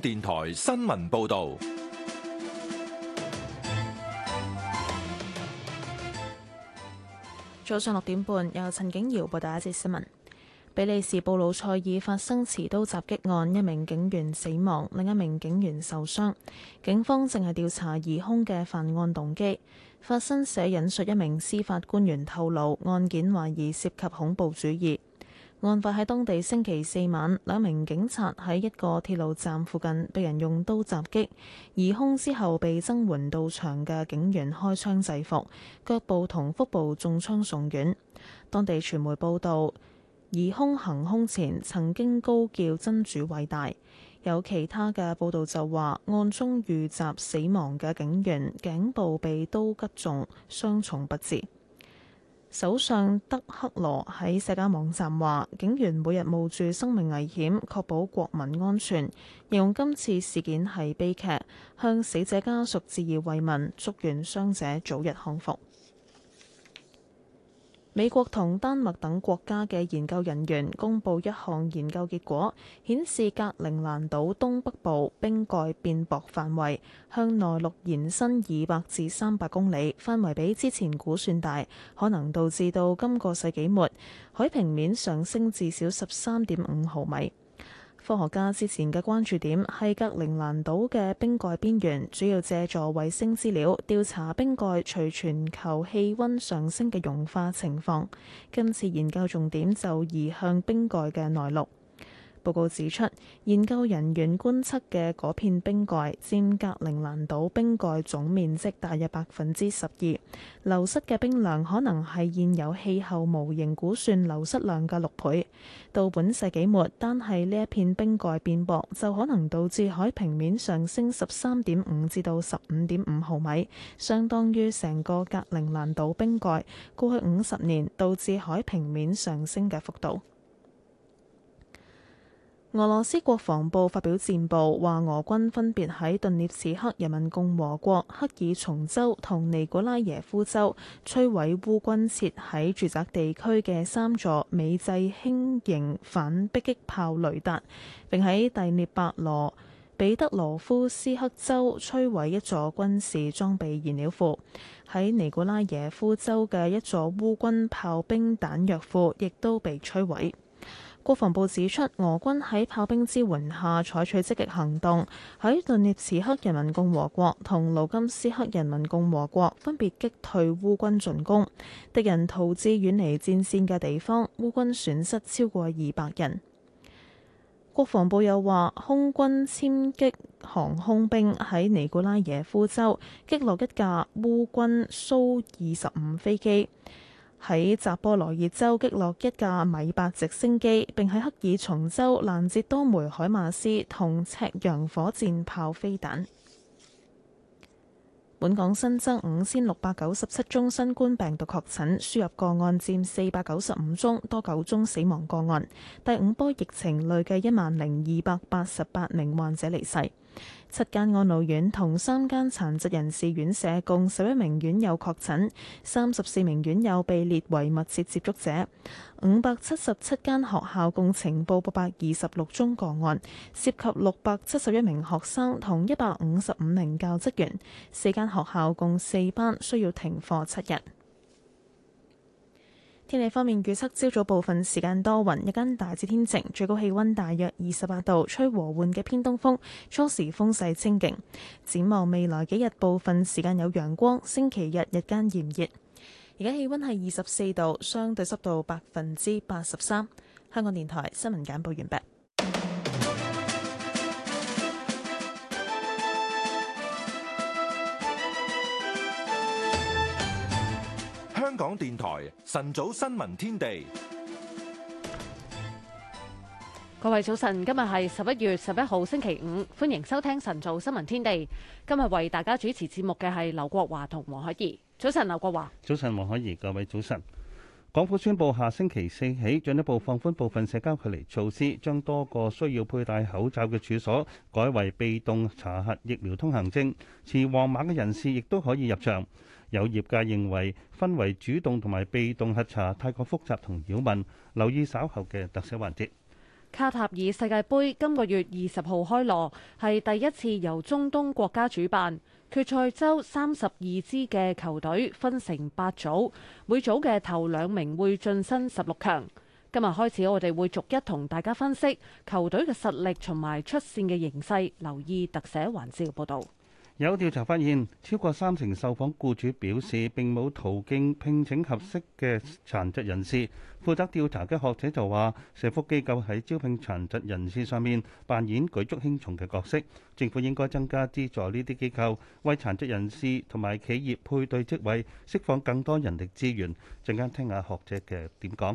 電台新聞報道：早上六點半，由陳景瑤報道一節新聞。比利時布魯塞爾發生持刀襲擊案，一名警員死亡，另一名警員受傷。警方正係調查疑兇嘅犯案動機。法新社引述一名司法官員透露，案件懷疑涉、涉及恐怖主義。案發喺當地星期四晚，兩名警察喺一個鐵路站附近被人用刀襲擊，疑兇之後被增援到場嘅警員開槍制服，腳部同腹部中槍送院。當地傳媒報道，疑兇行兇前曾經高叫真主偉大。有其他嘅報道就話，案中遇襲死亡嘅警員頸部被刀擊中，傷重不治。首相德克羅喺社交網站話：警員每日冒住生命危險確保國民安全，形容今次事件係悲劇，向死者家屬致以慰問，祝願傷者早日康復。美國同丹麥等國家嘅研究人員公佈一項研究結果，顯示格陵蘭島東北部冰蓋變薄範圍向內陸延伸二百至三百公里，範圍比之前估算大，可能導致到今個世紀末海平面上升至少十三點五毫米。科學家之前嘅關注點係格陵蘭島嘅冰蓋邊緣，主要借助衛星資料調查冰蓋隨全球氣溫上升嘅融化情況。今次研究重點就移向冰蓋嘅內陸。報告指出，研究人員觀測嘅嗰片冰蓋佔格陵蘭島冰蓋總面積大約百分之十二，流失嘅冰量可能係現有氣候模型估算流失量嘅六倍。到本世紀末，單係呢一片冰蓋變薄，就可能導致海平面上升十三點五至到十五點五毫米，相當於成個格陵蘭島冰蓋過去五十年導致海平面上升嘅幅度。俄羅斯國防部發表戰報，話俄軍分別喺頓涅茨克人民共和國、克爾松州同尼古拉耶夫州摧毀烏軍設喺住宅地區嘅三座美製輕型反迫擊炮雷達，並喺第涅伯羅彼得羅夫斯克州摧毀一座軍事裝備燃料庫，喺尼古拉耶夫州嘅一座烏軍炮兵彈藥庫亦都被摧毀。國防部指出，俄軍喺炮兵支援下採取積極行動，喺頓涅茨克人民共和國同盧甘斯克人民共和國分別擊退烏軍進攻，敵人逃至遠離戰線嘅地方。烏軍損失超過二百人。國防部又話，空軍殲擊航空兵喺尼古拉耶夫州擊落一架烏軍蘇二十五飛機。喺扎波羅熱州擊落一架米八直升機，並喺克爾松州攔截多枚海馬斯同赤楊火箭炮飛彈。本港新增五千六百九十七宗新冠病毒確診，輸入個案佔四百九十五宗，多九宗死亡個案。第五波疫情累計一萬零二百八十八名患者離世。七間安老院同三間殘疾人士院舍共十一名院友確診，三十四名院友被列為密切接觸者。五百七十七間學校共呈報八百二十六宗個案，涉及六百七十一名學生同一百五十五名教職員。四間學校共四班需要停課七日。天氣方面預測，預測朝早部分時間多雲，日間大致天晴，最高氣溫大約二十八度，吹和緩嘅偏東風，初時風勢清勁。展望未來幾日，部分時間有陽光，星期日日間炎熱。而家氣溫係二十四度，相對濕度百分之八十三。香港電台新聞簡報完畢。香港電台晨早新聞天地，各位早晨，今日係十一月十一號星期五，歡迎收聽晨早新聞天地。今日為大家主持節目嘅係劉國華同黃海怡。早晨，劉國華。早晨，黃海怡。各位早晨。港府宣布下星期四起，進一步放寬部分社交距離措施，將多個需要佩戴口罩嘅處所改為被動查核疫苗通行證，持黃碼嘅人士亦都可以入場。有業界認為分為主動同埋被動核查太過複雜同擾民，留意稍後嘅特寫環節。卡塔爾世界盃今個月二十號開鑼，係第一次由中東國家主辦決賽週，三十二支嘅球隊分成八組，每組嘅頭兩名會晉身十六強。今日開始，我哋會逐一同大家分析球隊嘅實力同埋出線嘅形勢，留意特寫環節嘅報導。有調查發現，超過三成受訪僱主表示並冇途徑聘請合適嘅殘疾人士。負責調查嘅學者就話，社福機構喺招聘殘疾人士上面扮演舉足輕重嘅角色，政府應該增加資助呢啲機構，為殘疾人士同埋企業配對職位，釋放更多人力資源。陣間聽下學者嘅點講。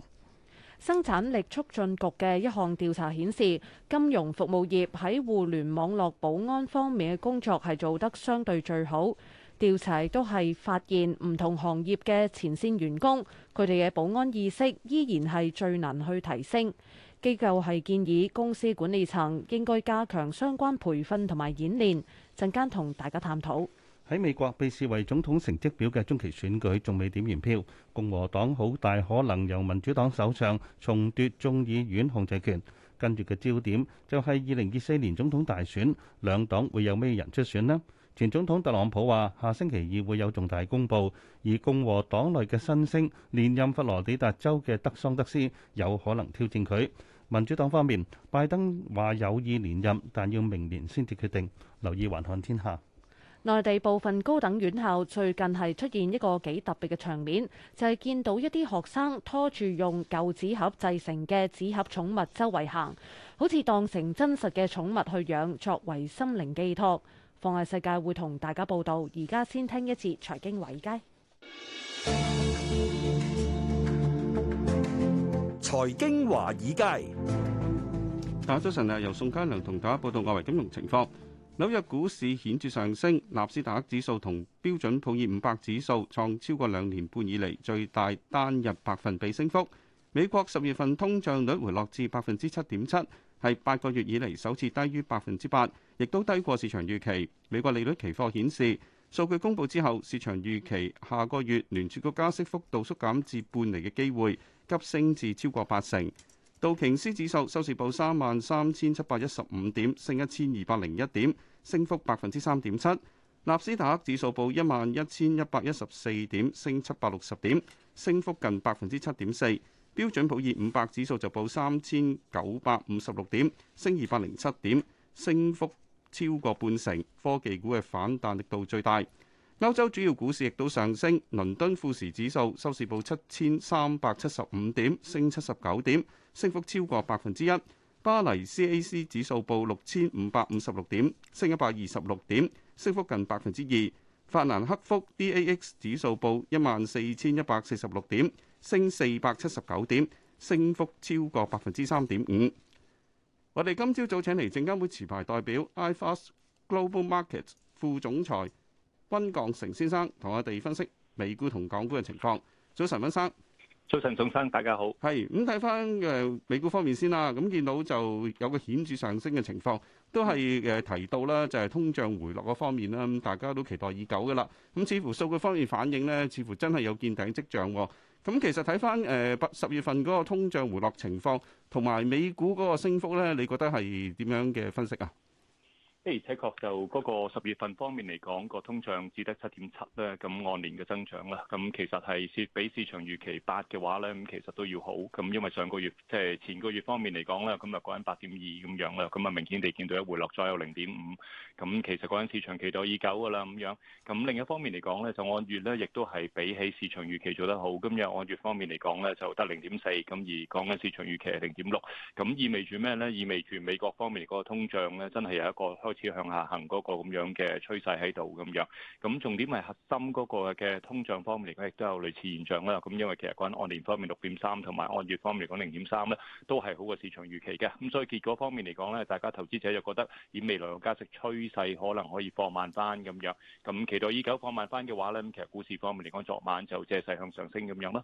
生產力促進局嘅一項調查顯示，金融服務業喺互聯網絡保安方面嘅工作係做得相對最好。調查亦都係發現唔同行業嘅前線員工，佢哋嘅保安意識依然係最難去提升。機構係建議公司管理層應該加強相關培訓同埋演練。陣間同大家探討。喺美國被視為總統成績表嘅中期選舉仲未點完票，共和黨好大可能由民主黨手上重奪眾議院控制權。跟住嘅焦點就係二零二四年總統大選，兩黨會有咩人出選呢？前總統特朗普話：下星期二會有重大公佈，而共和黨內嘅新星連任佛羅里達州嘅德桑德斯有可能挑戰佢。民主黨方面，拜登話有意連任，但要明年先至決定。留意環看天下。內地部分高等院校最近係出現一個幾特別嘅場面，就係、是、見到一啲學生拖住用舊紙盒製成嘅紙盒寵物周圍行，好似當成真實嘅寵物去養，作為心靈寄託。放眼世界，會同大家報道。而家先聽一次財經華爾街。財經華爾街，大家早晨啊！由宋家良同大家報道外圍金融情況。紐約股市顯著上升，納斯達克指數同標準普爾五百指數創超過兩年半以嚟最大單日百分比升幅。美國十月份通脹率回落至百分之七點七，係八個月以嚟首次低於百分之八，亦都低過市場預期。美國利率期貨顯示，數據公佈之後，市場預期下個月聯儲局加息幅度縮減至半厘嘅機會，急升至超過八成。道瓊斯指數收市報三萬三千七百一十五點，升一千二百零一點，升幅百分之三點七。納斯達克指數報一萬一千一百一十四點，升七百六十點，升幅近百分之七點四。標準普爾五百指數就報三千九百五十六點，升二百零七點，升幅超過半成。科技股嘅反彈力度最大。歐洲主要股市亦都上升，倫敦富時指數收市報七千三百七十五點，升七十九點，升幅超過百分之一。巴黎 CAC 指數報六千五百五十六點，升一百二十六點，升幅近百分之二。法蘭克福 DAX 指數報一萬四千一百四十六點，升四百七十九點，升幅超過百分之三點五。我哋今朝早，早請嚟證監會持牌代表 iFast Global Markets 副總裁。溫降成先生同我哋分析美股同港股嘅情況。早晨，溫生。早晨，眾生，大家好。係咁睇翻嘅美股方面先啦。咁見到就有個顯著上升嘅情況，都係誒提到啦，就係通脹回落嗰方面啦。咁大家都期待已久嘅啦。咁似乎數據方面反映呢，似乎真係有見頂跡象。咁其實睇翻誒十月份嗰個通脹回落情況同埋美股嗰個升幅咧，你覺得係點樣嘅分析啊？的而且確就嗰個十月份方面嚟講，個通脹只得七點七啦，咁按年嘅增長啦，咁其實係比市場預期八嘅話咧，咁其實都要好，咁因為上個月即係、就是、前個月方面嚟講咧，咁啊講緊八點二咁樣啦，咁啊明顯地見到一回落，再有零點五，咁其實嗰陣市場期待已久噶啦咁樣，咁另一方面嚟講咧，就按月咧亦都係比起市場預期做得好，今日按月方面嚟講咧就得零點四，咁而講緊市場預期係零點六，咁意味住咩咧？意味住美國方面個通脹咧真係有一個。開始向下行嗰個咁樣嘅趨勢喺度咁樣，咁重點係核心嗰個嘅通脹方面嚟講，亦都有類似現象啦。咁因為其實關於按年方面六點三，同埋按月方面嚟講零點三咧，都係好過市場預期嘅。咁所以結果方面嚟講咧，大家投資者就覺得以未來嘅加息趨勢，可能可以放慢翻咁樣。咁期待已久放慢翻嘅話咧，咁其實股市方面嚟講，昨晚就借勢向上升咁樣啦。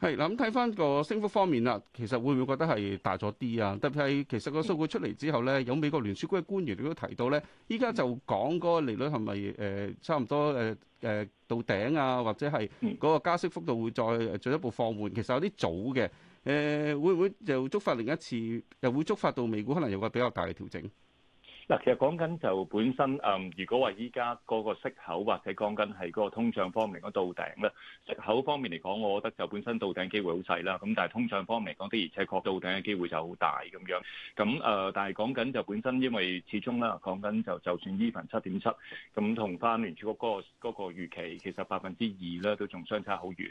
係嗱，咁睇翻個升幅方面啦，其實會唔會覺得係大咗啲啊？特別係其實個數據出嚟之後咧，有美國聯儲局嘅官員亦都提到咧，依家就講嗰個利率係咪誒差唔多誒誒、呃、到頂啊？或者係嗰個加息幅度會再進一步放緩？其實有啲早嘅誒、呃，會唔會又觸發另一次，又會觸發到美股可能有個比較大嘅調整？嗱，其實講緊就本身，嗯，如果話依家嗰個息口或者講緊係嗰個通脹方面嚟講到頂啦，息口方面嚟講，我覺得就本身到頂機會好細啦。咁但係通脹方面嚟講，的而且確到頂嘅機會就好大咁樣。咁、嗯、誒，但係講緊就本身，因為始終啦，講緊就就算依份七點七，咁同翻聯儲局嗰個嗰個預期，其實百分之二咧都仲相差好遠。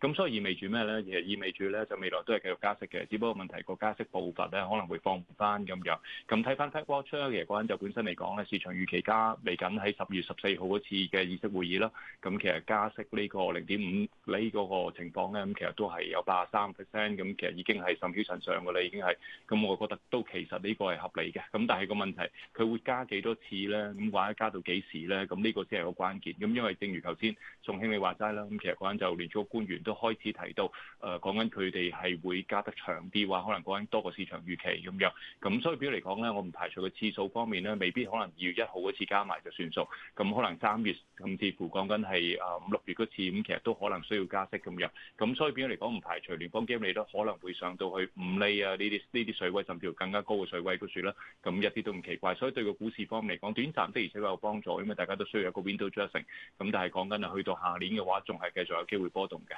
咁所以意味住咩咧？其實意味住咧就未來都係繼續加息嘅，只不過問題個加息步伐咧可能會放唔翻咁樣。咁睇翻 Tech Watch 咧，其講緊就本身嚟講咧，市場預期加，嚟緊喺十月十四號嗰次嘅議息會議啦。咁其實加息呢個零點五厘嗰個情況咧，咁其實都係有八十三 percent，咁其實已經係甚乎順上噶啦，已經係。咁我覺得都其實呢個係合理嘅。咁但係個問題，佢會加幾多次咧？咁或者加到幾時咧？咁呢個先係個關鍵。咁因為正如頭先宋慶你話齋啦，咁其實講緊就聯儲官員都開始提到，誒講緊佢哋係會加得長啲，話可能講緊多過市場預期咁樣。咁所以表嚟講咧，我唔排除個次數方面咧，未必可能二月一號嗰次加埋就算數，咁可能三月甚至乎講緊係啊五六月嗰次，咁其實都可能需要加息咁樣，咁所以變咗嚟講，唔排除聯邦基金利率可能會上到去五釐啊呢啲呢啲水位甚至乎更加高嘅水位，嗰處啦，咁一啲都唔奇怪，所以對個股市方面嚟講，短暫的而且有幫助，因為大家都需要有個 window dressing，咁但係講緊啊，去到下年嘅話，仲係繼續有機會波動嘅。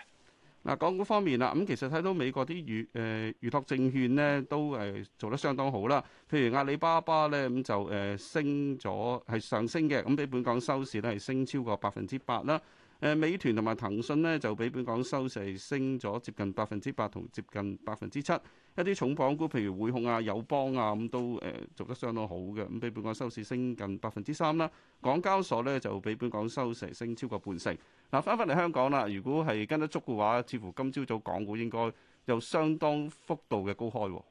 嗱，港股方面啦，咁其實睇到美國啲預，誒預託證券咧都誒做得相當好啦。譬如阿里巴巴咧，咁就誒、呃、升咗，係上升嘅，咁比本港收市咧係升超過百分之八啦。誒美團同埋騰訊呢就比本港收市升咗接近百分之八同接近百分之七，一啲重磅股譬如匯控啊、友邦啊咁都誒做得相當好嘅，咁比本港收市升近百分之三啦。港交所呢就比本港收市升超過半成。嗱，翻返嚟香港啦，如果係跟得足嘅話，似乎今朝早港股應該有相當幅度嘅高開喎。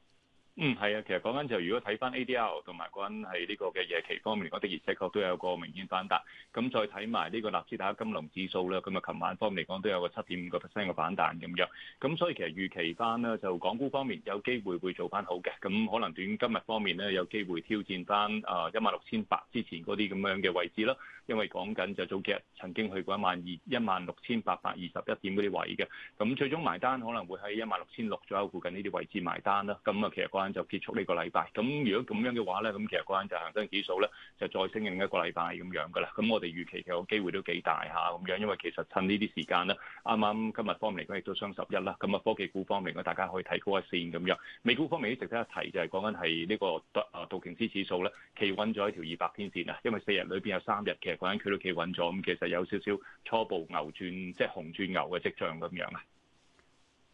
嗯，係啊，其實講緊就如果睇翻 ADR 同埋講緊係呢個嘅夜期方面嚟講，的而且確都有個明顯反彈。咁再睇埋呢個納斯達克金融指數咧，咁啊，琴晚方面嚟講都有個七點五個 percent 嘅反彈咁樣。咁所以其實預期翻呢，就港股方面有機會會做翻好嘅。咁可能短今日方面呢，有機會挑戰翻啊一萬六千八之前嗰啲咁樣嘅位置咯。因為講緊就早幾日曾經去過一萬二、一萬六千八百二十一點嗰啲位嘅，咁最終埋單可能會喺一萬六千六左右附近呢啲位置埋單啦。咁啊，其實嗰陣就結束呢個禮拜。咁如果咁樣嘅話咧，咁其實嗰陣就恒生指數咧就再升另一個禮拜咁樣噶啦。咁我哋預期嘅機會都幾大下咁樣，因為其實趁呢啲時間咧，啱啱今日方面嚟講亦都雙十一啦。咁啊，科技股方面咧，大家可以睇高一線咁樣。美股方面咧，值得一提就係講緊係呢個杜、啊、道瓊斯指數咧企穩咗一條二百天線啊，因為四日裏邊有三日其嗰間佢都企穩咗，咁其實有少少初步牛轉，即係紅轉牛嘅跡象咁樣啊。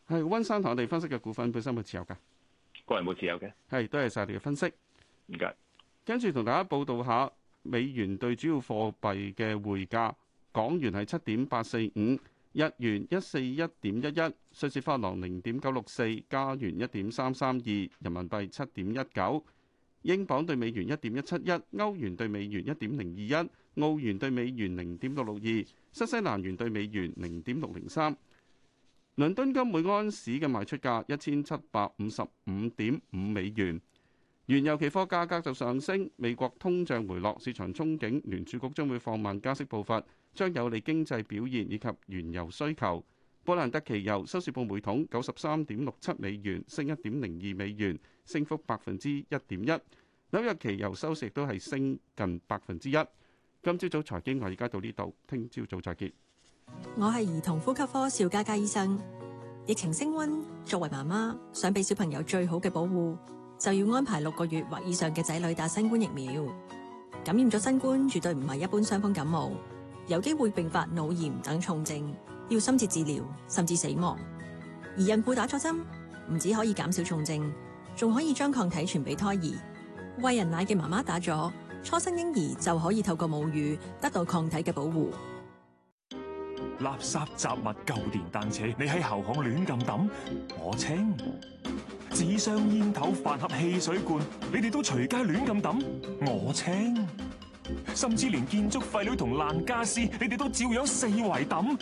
係温生同我哋分析嘅股份本身會持有嘅，個人冇持有嘅。係，多謝曬你嘅分析。唔該。跟住同大家報道下美元對主要貨幣嘅匯價，港元係七點八四五，日元一四一點一一，瑞士法郎零點九六四，加元一點三三二，人民幣七點一九，英鎊對美元一點一七一，歐元對美元一點零二一。澳元兌美元零點六六二，新西蘭元兌美元零點六零三。倫敦金每安士嘅賣出價一千七百五十五點五美元。原油期貨價格就上升，美國通脹回落，市場憧憬聯儲局將會放慢加息步伐，將有利經濟表現以及原油需求。布蘭特期油收市報每桶九十三點六七美元，升一點零二美元，升幅百分之一點一。紐約期油收市亦都係升近百分之一。今朝早財經我而家到呢度，聽朝早再見。我係兒童呼吸科邵家佳醫生。疫情升溫，作為媽媽想俾小朋友最好嘅保護，就要安排六個月或以上嘅仔女打新冠疫苗。感染咗新冠絕對唔係一般傷風感冒，有機會併發腦炎等重症，要深切治療甚至死亡。而孕婦打咗針唔止可以減少重症，仲可以將抗體傳俾胎兒。喂人奶嘅媽媽打咗。初生嬰兒就可以透過母乳得到抗體嘅保護。垃圾雜物、舊電單車，你喺後巷亂咁抌，我清；紙箱煙頭、飯盒汽水罐，你哋都隨街亂咁抌，我清。甚至連建築廢料同爛家私，你哋都照樣四圍抌，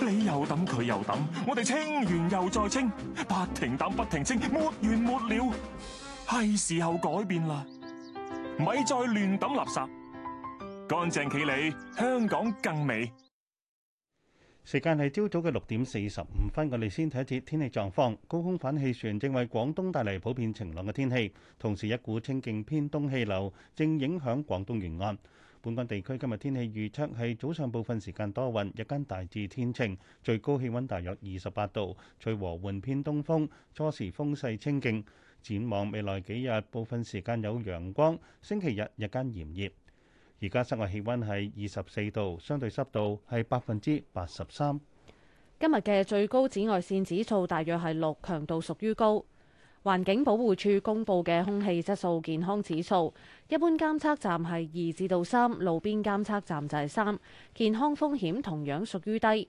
你又抌佢又抌，我哋清完又再清，不停抌不停抌，不停清，沒完沒了，係時候改變啦。咪再亂抌垃圾，乾淨企理，香港更美。時間係朝早嘅六點四十五分，我哋先睇一睇天氣狀況。高空反氣旋正為廣東帶嚟普遍晴朗嘅天氣，同時一股清勁偏東氣流正影響廣東沿岸。本港地區今日天氣預測係早上部分時間多雲，日間大致天晴，最高氣溫大約二十八度，隨和緩偏東風，初時風勢清勁。展望未來幾日，部分時間有陽光。星期日日間炎熱。而家室外氣温係二十四度，相對濕度係百分之八十三。今日嘅最高紫外線指數大約係六，強度屬於高。環境保護署公布嘅空氣質素健康指數，一般監測站係二至到三，路邊監測站就係三，健康風險同樣屬於低。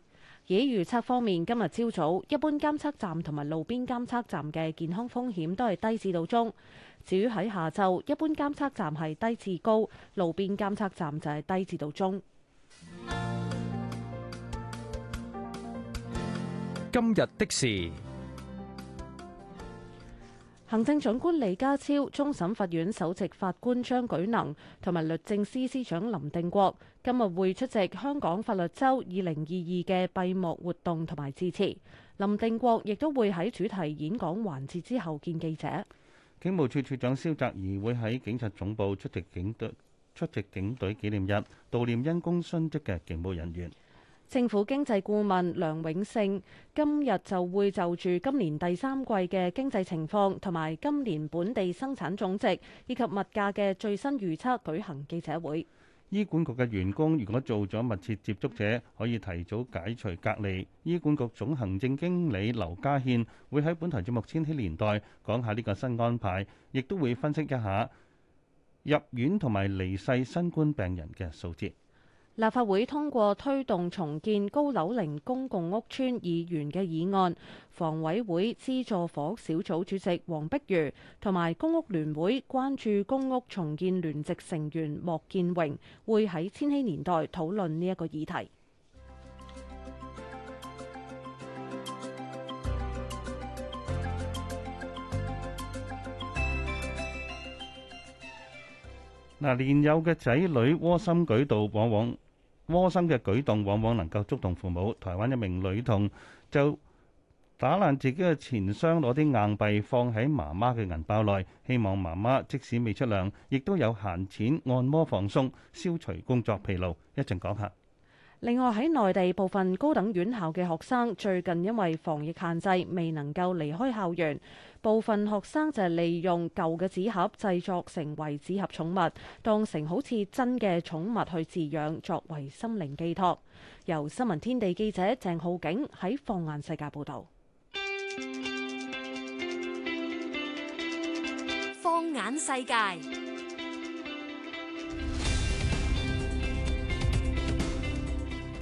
以預測方面，今日朝早一般監測站同埋路邊監測站嘅健康風險都係低至到中。至於喺下晝，一般監測站係低，低至高，路邊監測站就係低至到中。今日的事，行政長官李家超、終審法院首席法官張舉能同埋律政司，司司長林定國。今日會出席香港法律周二零二二嘅閉幕活動同埋致辭。林定國亦都會喺主題演講環節之後見記者。警務處處長蕭澤頤會喺警察總部出席警隊出席警隊紀念日，悼念因公殉職嘅警務人員。政府經濟顧問梁永勝今日就會就住今年第三季嘅經濟情況同埋今年本地生產總值以及物價嘅最新預測舉行記者會。醫管局嘅員工如果做咗密切接觸者，可以提早解除隔離。醫管局總行政經理劉家憲會喺本台節目《千禧年代》講下呢個新安排，亦都會分析一下入院同埋離世新冠病人嘅數字。立法會通過推動重建高樓齡公共屋邨議員嘅議案，房委會資助房屋小組主席黃碧如同埋公屋聯會關注公屋重建聯席成員莫建榮會喺千禧年代討論呢一個議題。嗱，年幼嘅仔女窩心舉動往往。窩心嘅舉動往往能夠觸動父母。台灣一名女童就打爛自己嘅錢箱，攞啲硬幣放喺媽媽嘅銀包內，希望媽媽即使未出糧，亦都有閒錢按摩放鬆，消除工作疲勞。一陣講下。另外喺內地部分高等院校嘅學生最近因為防疫限制，未能夠離開校園，部分學生就係利用舊嘅紙盒製作成為紙盒寵物，當成好似真嘅寵物去飼養，作為心靈寄託。由新聞天地記者鄭浩景喺放眼世界報道。放眼世界。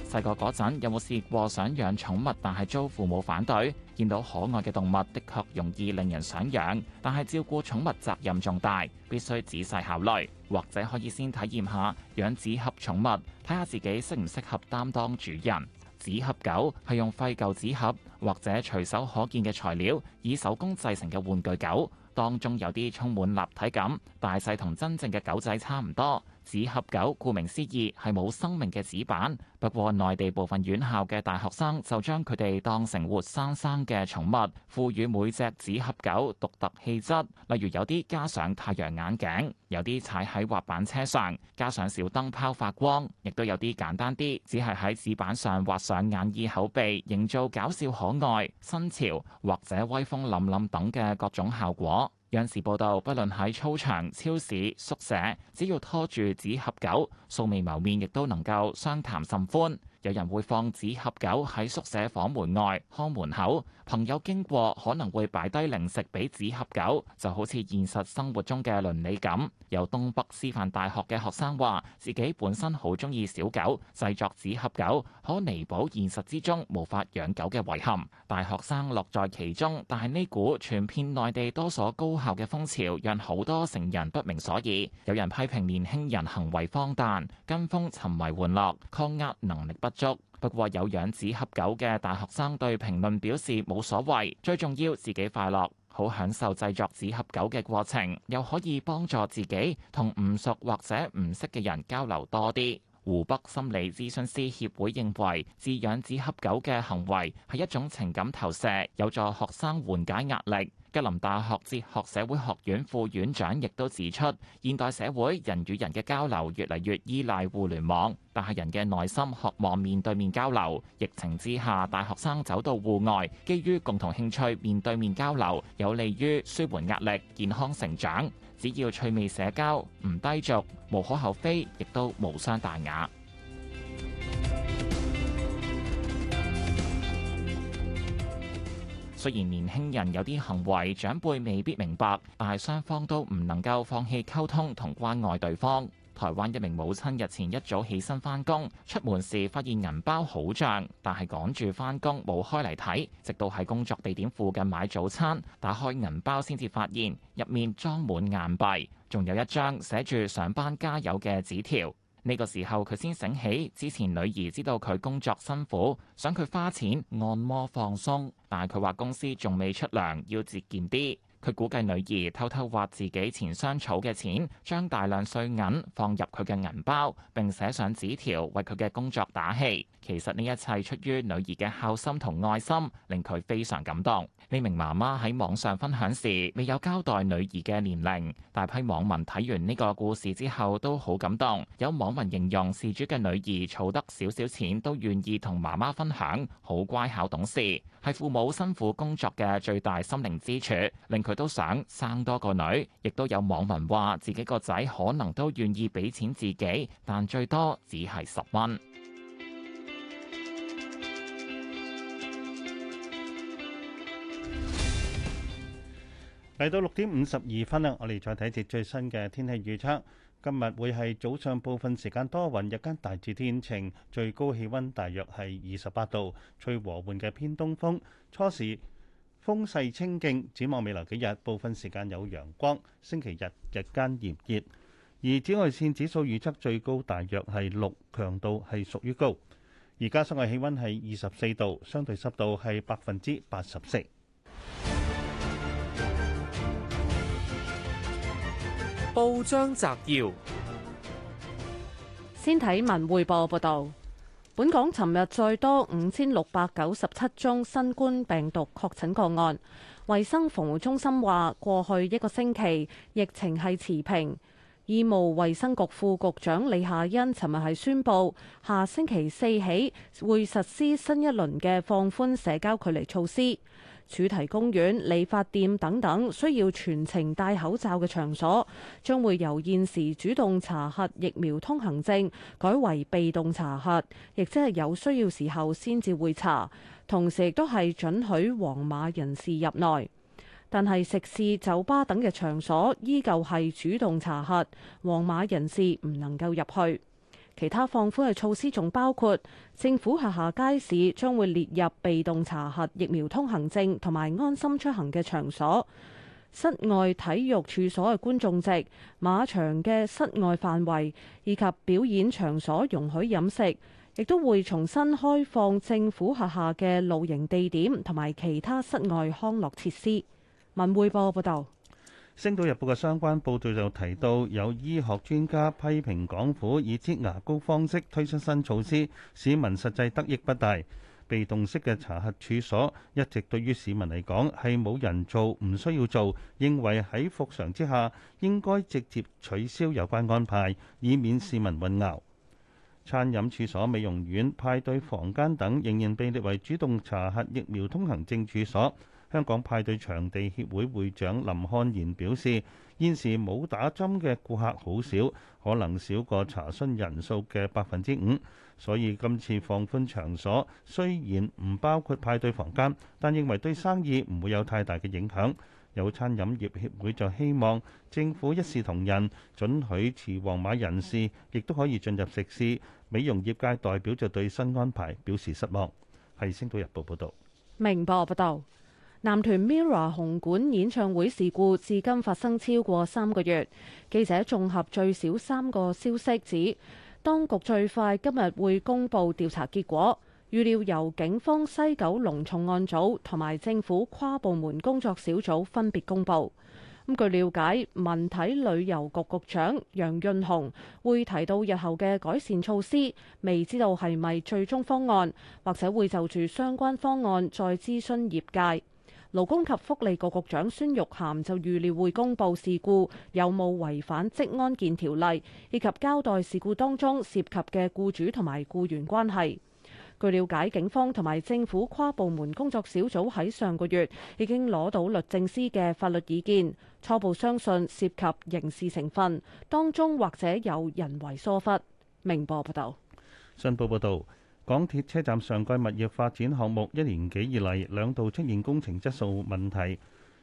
細個嗰陣有冇試過想養寵物，但係遭父母反對？見到可愛嘅動物，的確容易令人想養，但係照顧寵物責任重大，必須仔細考慮。或者可以先體驗下養紙盒寵物，睇下自己適唔適合擔當主人。紙盒狗係用廢舊紙盒或者隨手可見嘅材料，以手工製成嘅玩具狗，當中有啲充滿立體感，大細同真正嘅狗仔差唔多。紙盒狗，顧名思義係冇生命嘅紙板。不過，內地部分院校嘅大學生就將佢哋當成活生生嘅寵物，賦予每隻紙盒狗獨特氣質。例如，有啲加上太陽眼鏡，有啲踩喺滑板車上，加上小燈泡發光，亦都有啲簡單啲，只係喺紙板上畫上眼耳口鼻，營造搞笑可愛、新潮或者威風凛凛等嘅各種效果。央視報道，不論喺操場、超市、宿舍，只要拖住紙盒狗，素未謀面亦都能夠相談甚歡。有人會放紙盒狗喺宿舍房門外看門口。朋友經過可能會擺低零食俾紙盒狗，就好似現實生活中嘅倫理咁。有東北師範師範大學嘅學生話，自己本身好中意小狗，製作紙盒狗可彌補現實之中無法養狗嘅遺憾。大學生樂在其中，但係呢股傳遍內地多所高校嘅風潮，讓好多成人不明所以。有人批評年輕人行為荒誕、跟風尋為玩樂、抗壓能力不足。不過有養紙盒狗嘅大學生對評論表示冇所謂，最重要自己快樂，好享受製作紙盒狗嘅過程，又可以幫助自己同唔熟或者唔識嘅人交流多啲。湖北心理諮詢師協會認為飼養紙盒狗嘅行為，係一種情感投射，有助學生緩解壓力。吉林大學哲學社會學院副院長亦都指出，現代社會人與人嘅交流越嚟越依賴互聯網，但係人嘅內心渴望面對面交流。疫情之下，大學生走到戶外，基於共同興趣面對面交流，有利於舒緩壓力、健康成長。只要趣味社交，唔低俗，無可厚非，亦都無傷大雅。雖然年輕人有啲行為，長輩未必明白，但係雙方都唔能夠放棄溝通同關愛對方。台灣一名母親日前一早起身返工，出門時發現銀包好脹，但係趕住返工冇開嚟睇。直到喺工作地點附近買早餐，打開銀包先至發現入面裝滿硬幣，仲有一張寫住上班加油嘅紙條。呢、這個時候佢先醒起，之前女兒知道佢工作辛苦，想佢花錢按摩放鬆，但係佢話公司仲未出糧，要節儉啲。佢估計女兒偷偷挖自己錢箱儲嘅錢，將大量碎銀放入佢嘅銀包，並寫上紙條為佢嘅工作打氣。其實呢一切出於女兒嘅孝心同愛心，令佢非常感動。呢名媽媽喺網上分享時，未有交代女兒嘅年齡。大批網民睇完呢個故事之後都好感動，有網民形容事主嘅女兒儲得少少錢都願意同媽媽分享，好乖巧懂事，係父母辛苦工作嘅最大心靈支柱，令佢都想生多個女。亦都有網民話自己個仔可能都願意畀錢自己，但最多只係十蚊。嚟到六點五十二分啦，我哋再睇一節最新嘅天氣預測。今日會係早上部分時間多雲，日間大致天晴，最高氣温大約係二十八度，吹和緩嘅偏東風。初時風勢清勁，展望未來幾日部分時間有陽光。星期日日間炎熱，而紫外線指數預測最高大約係六，強度係屬於高。而家室外氣温係二十四度，相對濕度係百分之八十四。報章摘要：先睇文匯報報道，本港尋日再多五千六百九十七宗新冠病毒確診個案。衛生防護中心話，過去一個星期疫情係持平。醫務衛生局副局長李夏欣尋日係宣佈，下星期四起會實施新一輪嘅放寬社交距離措施。主題公園、理髮店等等需要全程戴口罩嘅場所，將會由現時主動查核疫苗通行證，改為被動查核，亦即係有需要時候先至會查。同時亦都係准許黃碼人士入內，但係食肆、酒吧等嘅場所，依舊係主動查核，黃碼人士唔能夠入去。其他放寬嘅措施仲包括政府轄下街市將會列入被動查核疫苗通行證同埋安心出行嘅場所，室外體育處所嘅觀眾席、馬場嘅室外範圍以及表演場所容許飲食，亦都會重新開放政府轄下嘅露營地點同埋其他室外康樂設施。文匯報報道。星島日報嘅相關報導就提到，有醫學專家批評港府以擠牙膏方式推出新措施，市民實際得益不大。被動式嘅查核處所一直對於市民嚟講係冇人做，唔需要做，認為喺復常之下應該直接取消有關安排，以免市民混淆。餐飲處所、美容院、派對房間等仍然被列為主動查核疫苗通行證處所。香港派對場地協會會長林漢賢表示：現時冇打針嘅顧客好少，可能少過查詢人數嘅百分之五。所以今次放寬場所雖然唔包括派對房間，但認為對生意唔會有太大嘅影響。有餐飲業協會就希望政府一視同仁，准許持黃碼人士亦都可以進入食肆。美容業界代表就對新安排表示失望。係《星島日報》報道，《明報》報道。男團 MIRROR 紅館演唱會事故至今發生超過三個月，記者綜合最少三個消息指，指當局最快今日會公布調查結果，預料由警方西九龍重案組同埋政府跨部門工作小組分別公布。咁據了解，文體旅遊局局長楊潤雄會提到日後嘅改善措施，未知道係咪最終方案，或者會就住相關方案再諮詢業界。勞工及福利局局長孫玉菡就預料會公布事故有冇違反職安健條例，以及交代事故當中涉及嘅僱主同埋僱員關係。據了解，警方同埋政府跨部門工作小組喺上個月已經攞到律政司嘅法律意見，初步相信涉及刑事成分，當中或者有人為疏忽。明報報道，信報報道。港鐵車站上蓋物業發展項目一年幾以嚟兩度出現工程質素問題，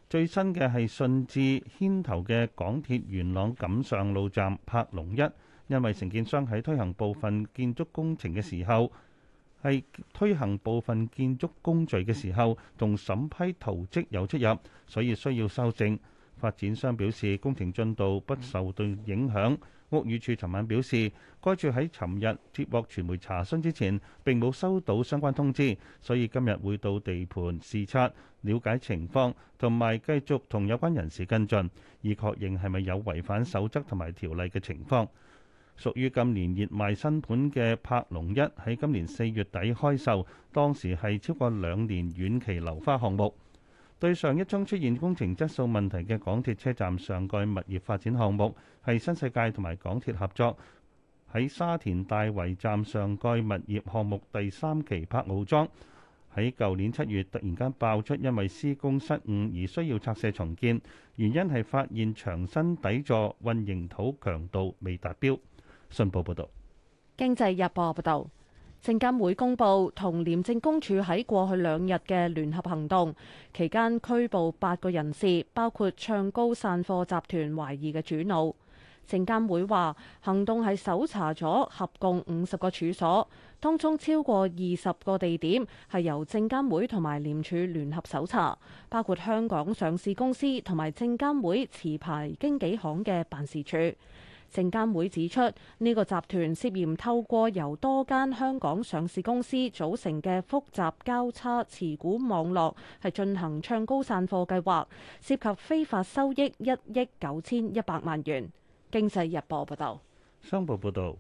最新嘅係信置牽頭嘅港鐵元朗錦上路站柏瓏一，因為承建商喺推行部分建築工程嘅時候，係推行部分建築工序嘅時候同審批圖則有出入，所以需要修正。發展商表示工程進度不受到影響。屋宇處尋晚表示，該處喺尋日接獲傳媒查詢之前，並冇收到相關通知，所以今日會到地盤視察，了解情況，同埋繼續同有關人士跟進，以確認係咪有違反守則同埋條例嘅情況。屬於近年熱賣新盤嘅柏龍一，喺今年四月底開售，當時係超過兩年遠期樓花項目。對上一宗出現工程質素問題嘅港鐵車站上蓋物業發展項目，係新世界同埋港鐵合作喺沙田大圍站上蓋物業項目第三期柏傲莊，喺舊年七月突然間爆出因為施工失誤而需要拆卸重建，原因係發現牆身底座混凝土強度未達標。信報報導，《經濟日報》報道。證監會公布同廉政公署喺過去兩日嘅聯合行動，期間拘捕八個人士，包括唱高散貨集團懷疑嘅主腦。證監會話，行動係搜查咗合共五十個處所，當中超過二十個地點係由證監會同埋廉署聯合搜查，包括香港上市公司同埋證監會持牌經紀行嘅辦事處。證監會指出，呢個集團涉嫌透過由多間香港上市公司組成嘅複雜交叉持股網絡，係進行唱高散貨計劃，涉及非法收益一億九千一百萬元。經濟日報報道，商報報道，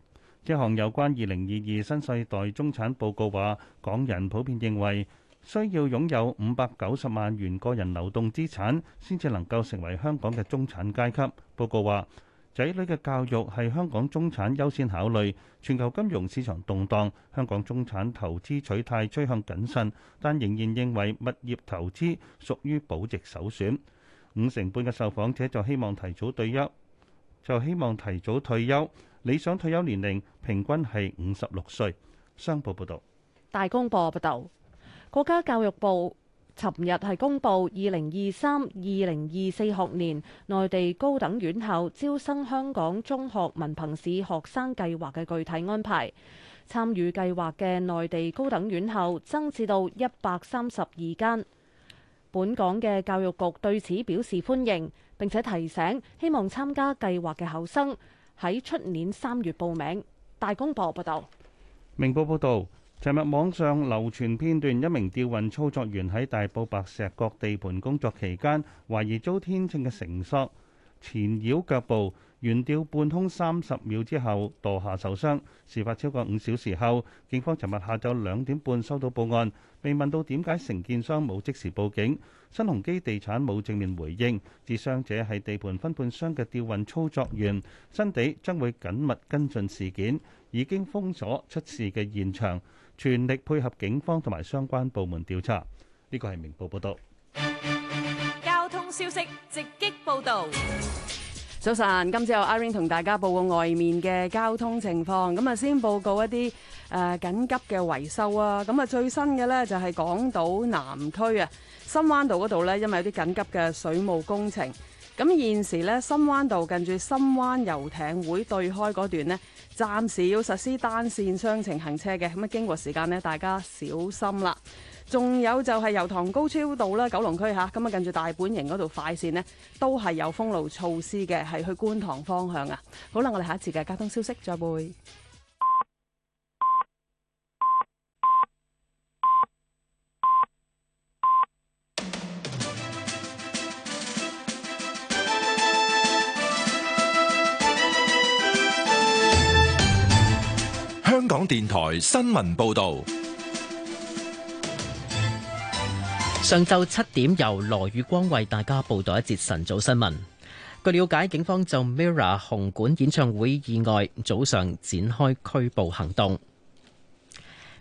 一項有關二零二二新世代中產報告話，港人普遍認為需要擁有五百九十萬元個人流動資產，先至能夠成為香港嘅中產階級。報告話。仔女嘅教育係香港中產優先考慮。全球金融市場動盪，香港中產投資取態趨向謹慎，但仍然認為物業投資屬於保值首選。五成半嘅受訪者就希望提早退休，就希望提早退休。理想退休年齡平均係五十六歲。商報報道。大公報報道，國家教育部。尋日係公布二零二三二零二四學年內地高等院校招生香港中學文憑試學生計劃嘅具體安排，參與計劃嘅內地高等院校增至到一百三十二間。本港嘅教育局對此表示歡迎，並且提醒希望參加計劃嘅考生喺出年三月報名。大公報報道。明報報道。尋日網上流傳片段，一名吊運操作員喺大埔白石角地盤工作期間，懷疑遭天秤嘅繩索纏繞腳部，懸吊半空三十秒之後墮下受傷。事發超過五小時後，警方尋日下晝兩點半收到報案，被問到點解承建商冇即時報警，新鴻基地產冇正面回應，指傷者係地盤分判商嘅吊運操作員。新地將會緊密跟進事件，已經封鎖出事嘅現場。全力配合警方同埋相關部門調查，呢個係明報報導。交通消息直擊報導。早晨，今朝有 Irene 同大家報告外面嘅交通情況。咁啊，先報告一啲誒緊急嘅維修啊。咁啊，最新嘅呢就係港島南區啊，深灣道嗰度呢，因為有啲緊急嘅水務工程。咁現時呢，深灣道近住深灣遊艇會對開嗰段呢，暫時要實施單線雙程行車嘅。咁啊，經過時間咧，大家小心啦。仲有就係油塘高超道啦，九龍區嚇，咁啊，近住大本營嗰度快線咧，都係有封路措施嘅，係去觀塘方向啊。好啦，我哋下一節嘅交通消息再會。香港電台新聞報道，上晝七點由羅宇光為大家報導一節晨早新聞。據了解，警方就 MIRROR 紅館演唱會意外早上展開拘捕行動。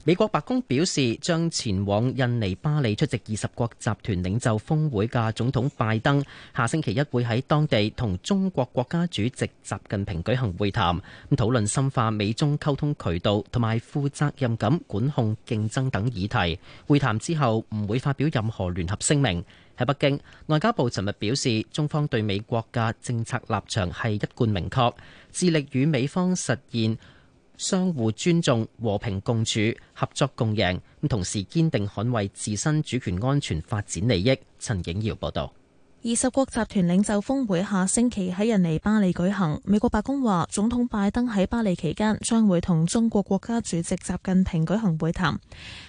美國白宮表示，將前往印尼巴利出席二十國集團領袖峰會嘅總統拜登，下星期一會喺當地同中國國家主席習近平舉行會談，咁討論深化美中溝通渠道同埋負責任感、管控競爭等議題。會談之後唔會發表任何聯合聲明。喺北京，外交部尋日表示，中方對美國嘅政策立場係一貫明確，致力與美方實現。相互尊重、和平共處、合作共贏，同時堅定捍衛自身主權安全發展利益。陳景耀報道。二十國集團領袖峰會下星期喺印尼巴里舉行，美國白宮話，總統拜登喺巴里期間將會同中國國家主席習近平舉行會談。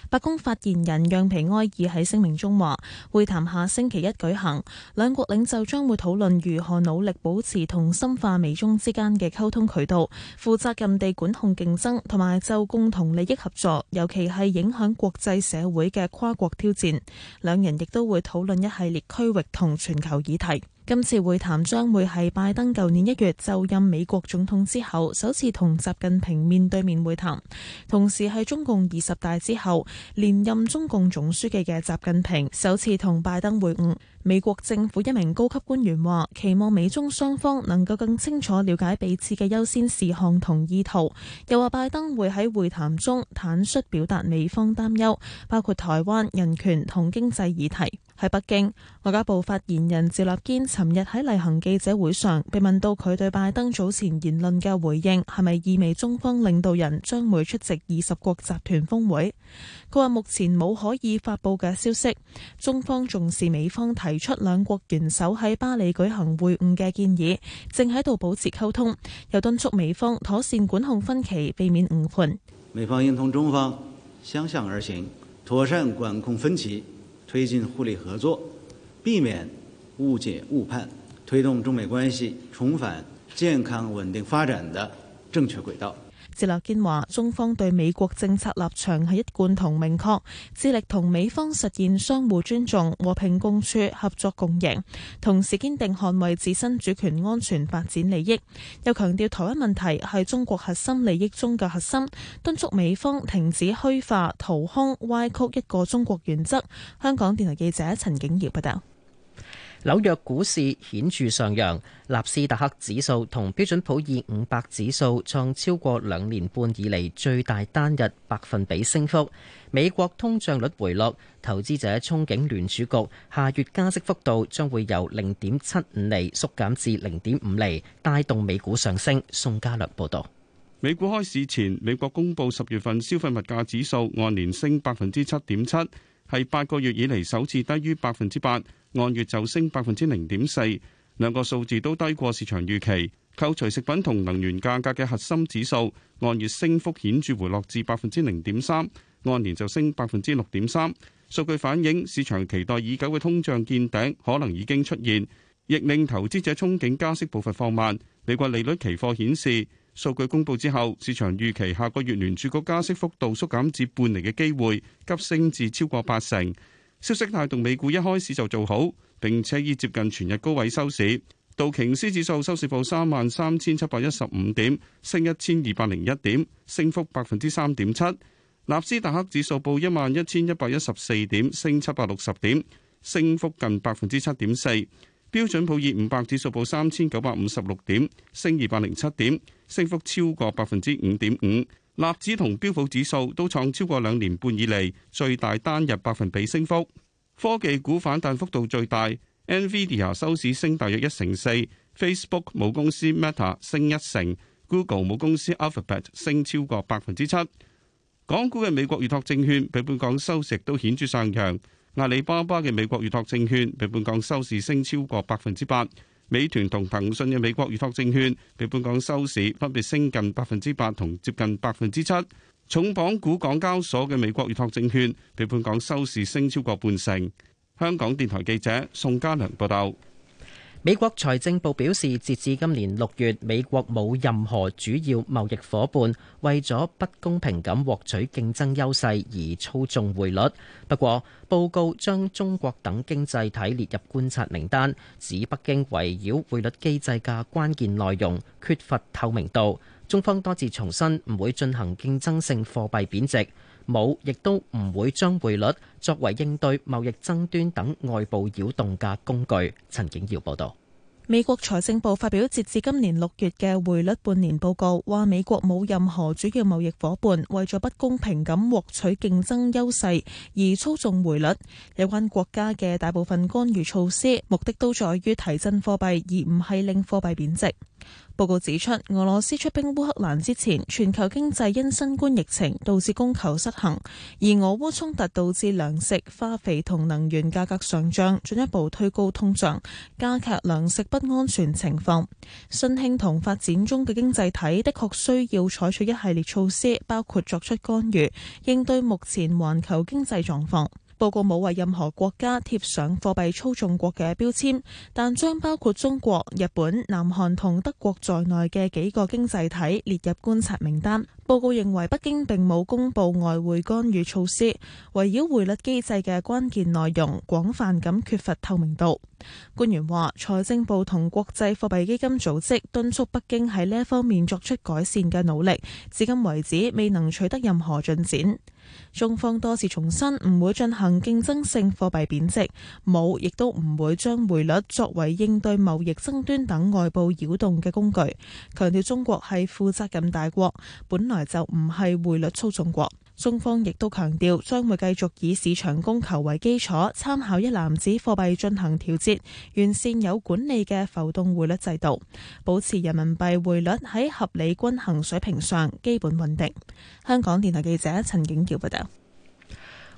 白宮發言人讓皮埃爾喺聲明中話，會談下星期一舉行，兩國領袖將會討論如何努力保持同深化美中之間嘅溝通渠道，負責任地管控競爭同埋就共同利益合作，尤其係影響國際社會嘅跨國挑戰。兩人亦都會討論一系列區域同全求議題，今次會談將會係拜登舊年一月就任美國總統之後，首次同習近平面對面會談，同時係中共二十大之後，連任中共總書記嘅習近平首次同拜登會晤。美國政府一名高級官員話：期望美中雙方能夠更清楚了解彼此嘅優先事項同意圖。又話拜登會喺會談中坦率表達美方擔憂，包括台灣、人權同經濟議題。喺北京，外交部發言人趙立堅尋日喺例行記者會上，被問到佢對拜登早前言論嘅回應，係咪意味中方領導人將會出席二十國集團峰會，佢話目前冇可以發佈嘅消息。中方重視美方提出兩國元首喺巴黎舉行會晤嘅建議，正喺度保持溝通，又敦促美方妥善管控分歧，避免誤判。美方應同中方相向而行，妥善管控分歧，推進互利合作，避免誤解誤判，推動中美關係重返健康穩定發展的正確軌道。謝立堅話：中方對美國政策立場係一貫同明確，致力同美方實現相互尊重、和平共處、合作共贏。同時堅定捍衛自身主權、安全、發展利益。又強調台灣問題係中國核心利益中嘅核心，敦促美方停止虛化、掏空、歪曲一個中國原則。香港電台記者陳景堯報道。嗯紐約股市顯著上揚，納斯達克指數同標準普爾五百指數創超過兩年半以嚟最大單日百分比升幅。美國通脹率回落，投資者憧憬聯儲局下月加息幅度將會由零點七五厘縮減至零點五厘，帶動美股上升。宋家略報導，美股開市前，美國公布十月份消費物價指數按年升百分之七點七，係八個月以嚟首次低於百分之八。按月就升百分之零點四，兩個數字都低過市場預期。扣除食品同能源價格嘅核心指數，按月升幅顯著回落至百分之零點三，按年就升百分之六點三。數據反映市場期待已久嘅通脹見頂可能已經出現，亦令投資者憧憬加息步伐放慢。美國利率期貨顯示，數據公佈之後，市場預期下個月聯儲局加息幅度縮減至半厘嘅機會急升至超過八成。消息態度，美股一開始就做好，並且已接近全日高位收市。道瓊斯指數收市報三萬三千七百一十五點，升一千二百零一點，升幅百分之三點七。納斯達克指數報一萬一千一百一十四點，升七百六十點，升幅近百分之七點四。標準普爾五百指數報三千九百五十六點，升二百零七點，升幅超過百分之五點五。納指同標普指數都創超過兩年半以嚟最大單日百分比升幅，科技股反彈幅度最大。Nvidia 收市升大約一成四，Facebook 母公司 Meta 升一成，Google 母公司 Alphabet 升超過百分之七。港股嘅美國預託證券比本港收市都顯著上揚，阿里巴巴嘅美國預託證券比本港收市升超過百分之八。美團同騰訊嘅美國預託證券，被本港收市分別升近百分之八同接近百分之七。重磅股港交所嘅美國預託證券，被本港收市升超過半成。香港電台記者宋家良報道。美國財政部表示，截至今年六月，美國冇任何主要貿易夥伴為咗不公平咁獲取競爭優勢而操縱匯率。不過，報告將中國等經濟體列入觀察名單，指北京圍繞匯率機制嘅關鍵內容缺乏透明度。中方多次重申，唔會進行競爭性貨幣貶值。冇，亦都唔會將匯率作為應對貿易爭端等外部擾動嘅工具。陳景耀報道。美國財政部發表截至今年六月嘅匯率半年報告，話美國冇任何主要貿易夥伴為咗不公平咁獲取競爭優勢而操縱匯率。有關國家嘅大部分干預措施，目的都在於提振貨幣，而唔係令貨幣貶值。報告指出，俄羅斯出兵烏克蘭之前，全球經濟因新冠疫情導致供求失衡，而俄烏衝突導致糧食、化肥同能源價格上漲，進一步推高通脹，加劇糧食不安全情況。新興同發展中嘅經濟體的確需要採取一系列措施，包括作出干預，應對目前環球經濟狀況。報告冇為任何國家貼上貨幣操縱國嘅標籤，但將包括中國、日本、南韓同德國在內嘅幾個經濟體列入觀察名單。報告認為北京並冇公佈外匯干預措施，圍繞匯率機制嘅關鍵內容廣泛咁缺乏透明度。官員話，財政部同國際貨幣基金組織敦促北京喺呢方面作出改善嘅努力，至今為止未能取得任何進展。中方多次重申唔會進行競爭性貨幣貶值，冇亦都唔會將匯率作為應對貿易爭端等外部擾動嘅工具，強調中國係負責任大國，本來就唔係匯率操縱國。中方亦都強調，將會繼續以市場供求為基礎，參考一籃子貨幣進行調節，完善有管理嘅浮動匯率制度，保持人民幣匯率喺合理均衡水平上基本穩定。香港電台記者陳景橋報道。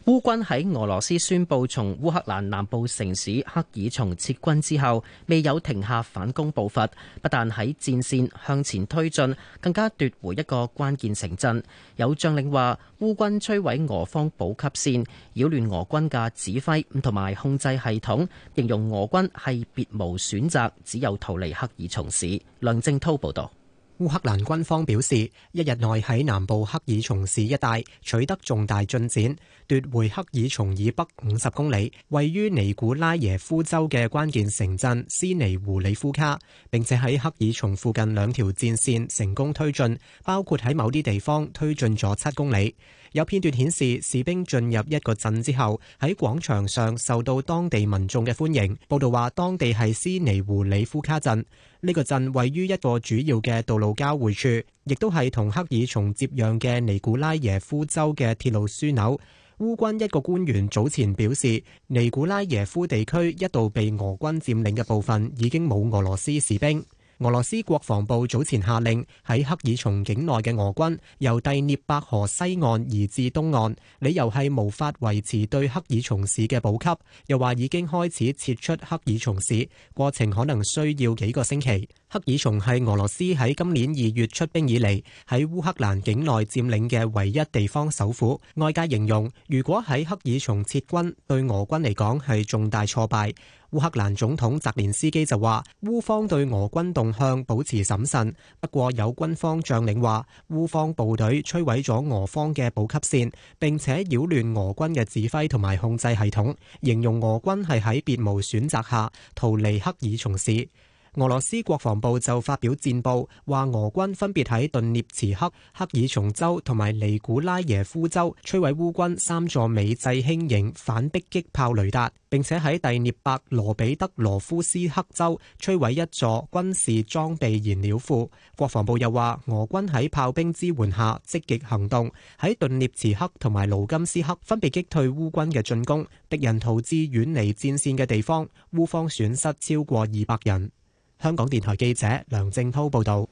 烏軍喺俄羅斯宣布從烏克蘭南部城市克爾松撤軍之後，未有停下反攻步伐，不但喺戰線向前推進，更加奪回一個關鍵城鎮。有將領話，烏軍摧毀俄方補給線，擾亂俄軍嘅指揮同埋控制系統，形容俄軍係別無選擇，只有逃離克爾松市。梁正濤報道。烏克蘭軍方表示，一日內喺南部克爾松市一帶取得重大進展。奪回克爾松以北五十公里，位於尼古拉耶夫州嘅關鍵城鎮斯尼胡里夫卡，並且喺克爾松附近兩條戰線成功推進，包括喺某啲地方推進咗七公里。有片段顯示士兵進入一個鎮之後，喺廣場上受到當地民眾嘅歡迎。報道話，當地係斯尼胡里夫卡鎮，呢個鎮位於一個主要嘅道路交匯處，亦都係同克爾松接壤嘅尼古拉耶夫州嘅鐵路樞紐。烏軍一個官員早前表示，尼古拉耶夫地區一度被俄軍佔領嘅部分已經冇俄羅斯士兵。俄羅斯國防部早前下令喺克爾松境內嘅俄軍由第涅伯河西岸移至東岸，理由係無法維持對克爾松市嘅補給，又話已經開始撤出克爾松市，過程可能需要幾個星期。克爾松係俄羅斯喺今年二月出兵以嚟喺烏克蘭境內佔領嘅唯一地方首府。外界形容，如果喺克爾松撤軍，對俄軍嚟講係重大挫敗。烏克蘭總統澤連斯基就話，烏方對俄軍動向保持審慎。不過有軍方將領話，烏方部隊摧毀咗俄方嘅補給線，並且擾亂俄軍嘅指揮同埋控制系統，形容俄軍係喺別無選擇下逃離克爾松市。俄羅斯國防部就發表戰報，話俄軍分別喺頓涅茨克、克爾松州同埋尼古拉耶夫州摧毀烏軍三座美製輕型反迫擊炮雷達，並且喺第涅伯羅比德羅夫斯克州摧毀一座軍事裝備燃料庫。國防部又話，俄軍喺炮兵支援下積極行動，喺頓涅茨克同埋盧甘斯克分別擊退烏軍嘅進攻，敵人逃至遠離戰線嘅地方，烏方損失超過二百人。香港電台記者梁正濤報道。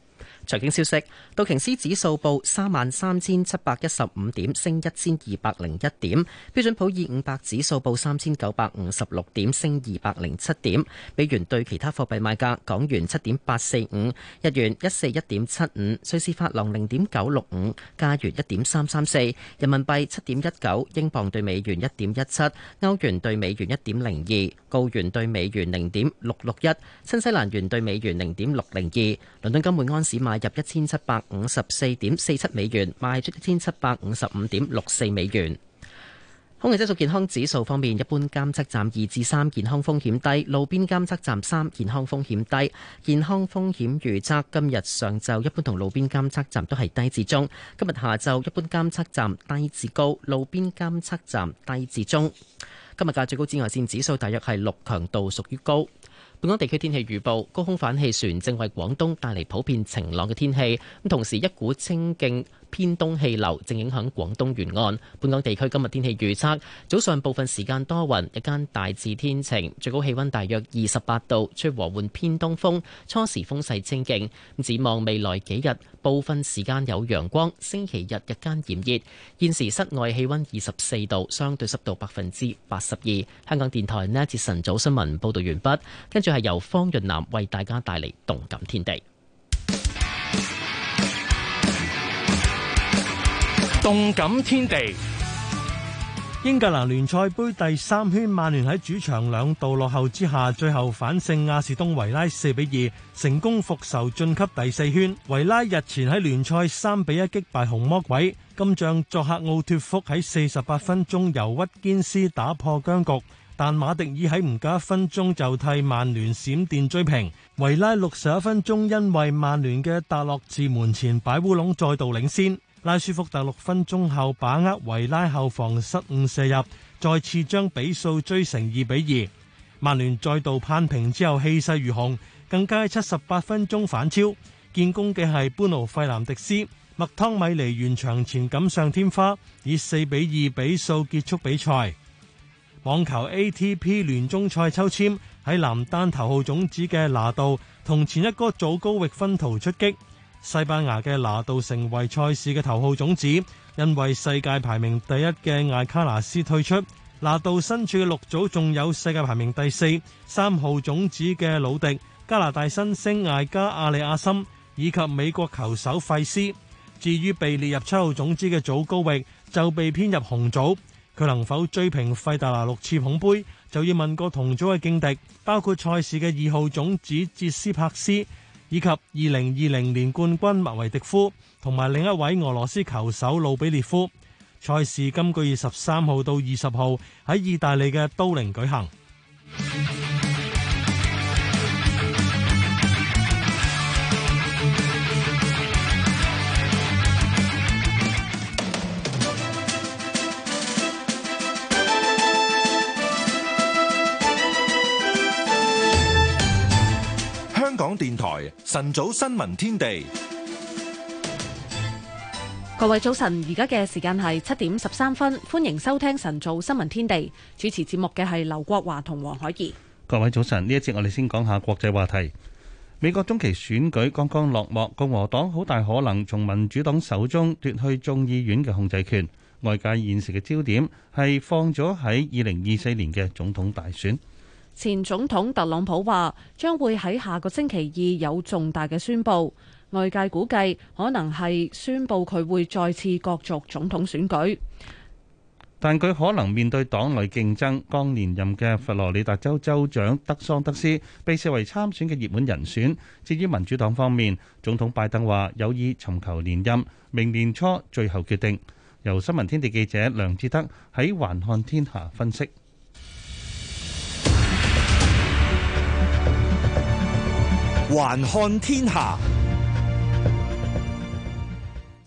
財經消息：道瓊斯指數報三萬三千七百一十五點，升一千二百零一點；標準普爾五百指數報三千九百五十六點，升二百零七點。美元對其他貨幣買價：港元七點八四五，日元一四一點七五，瑞士法郎零點九六五，加元一點三三四，人民幣七點一九，英鎊對美元一點一七，歐元對美元一點零二，澳元對美元零點六六一，新西蘭元對美元零點六零二。倫敦金每安士買入一千七百五十四點四七美元，賣出一千七百五十五點六四美元。空氣質素健康指數方面，一般監測站二至三，健康風險低；路邊監測站三，健康風險低。健康風險預測今日上晝一般同路邊監測站都係低至中，今日下晝一般監測站低至高，路邊監測站低至中。今日嘅最高紫外綫指數大約係六，強度屬於高。本港地區天氣預報，高空反氣旋正為廣東帶嚟普遍晴朗嘅天氣，同時一股清勁偏東氣流正影響廣東沿岸，本港地區今日天氣預測，早上部分時間多雲，日間大致天晴，最高氣温大約二十八度，吹和緩偏東風，初時風勢清勁。咁展望未來幾日，部分時間有陽光，星期日日間炎熱。現時室外氣温二十四度，相對濕度百分之八十二。香港電台呢節晨早新聞報道完畢，跟住係由方潤南為大家帶嚟動感天地。動感天地，英格蘭聯賽盃第三圈，曼聯喺主場兩度落後之下，最後反勝亞士東維拉四比二，成功復仇晉級第四圈。維拉日前喺聯賽三比一擊敗紅魔鬼，今仗作客奧脫福喺四十八分鐘由屈堅斯打破僵局，但馬迪爾喺唔夠一分鐘就替曼聯閃電追平。維拉六十一分鐘因為曼聯嘅達洛治門前擺烏龍，再度領先。拉舒福特六分鐘後，把握維拉後防失誤射入，再次將比數追成二比二。曼聯再度攀平之後，氣勢如虹，更加七十八分鐘反超。建功嘅係班奴費蘭迪斯，麥湯米尼完場前錦上添花，以四比二比數結束比賽。網球 ATP 聯中賽抽籤喺男單頭號種子嘅拿度同前一個祖高域分途出擊。西班牙嘅拿度成為賽事嘅頭號種子，因為世界排名第一嘅艾卡拉斯退出。拿度身處綠組，仲有世界排名第四、三號種子嘅魯迪、加拿大新星艾加阿里阿森以及美國球手費斯。至於被列入七號種子嘅祖高域，就被編入紅組。佢能否追平費達拿六次捧盃，就要問過同組嘅勁敵，包括賽事嘅二號種子捷斯帕斯。以及二零二零年冠軍麥維迪夫同埋另一位俄羅斯球手魯比列夫，賽事今個月十三號到二十號喺意大利嘅都靈舉行。電台晨早新聞天地，各位早晨，而家嘅時間係七點十三分，歡迎收聽晨早新聞天地。主持節目嘅係劉國華同黃海怡。各位早晨，呢一節我哋先講下國際話題。美國中期選舉剛剛落幕，共和黨好大可能從民主黨手中奪去眾議院嘅控制權。外界現時嘅焦點係放咗喺二零二四年嘅總統大選。前總統特朗普話將會喺下個星期二有重大嘅宣佈，外界估計可能係宣佈佢會再次角逐總統選舉。但佢可能面對黨內競爭，剛連任嘅佛羅里達州州長德桑德斯被視為參選嘅熱門人選。至於民主黨方面，總統拜登話有意尋求連任，明年初最後決定。由新聞天地記者梁志德喺環看天下分析。還看天下。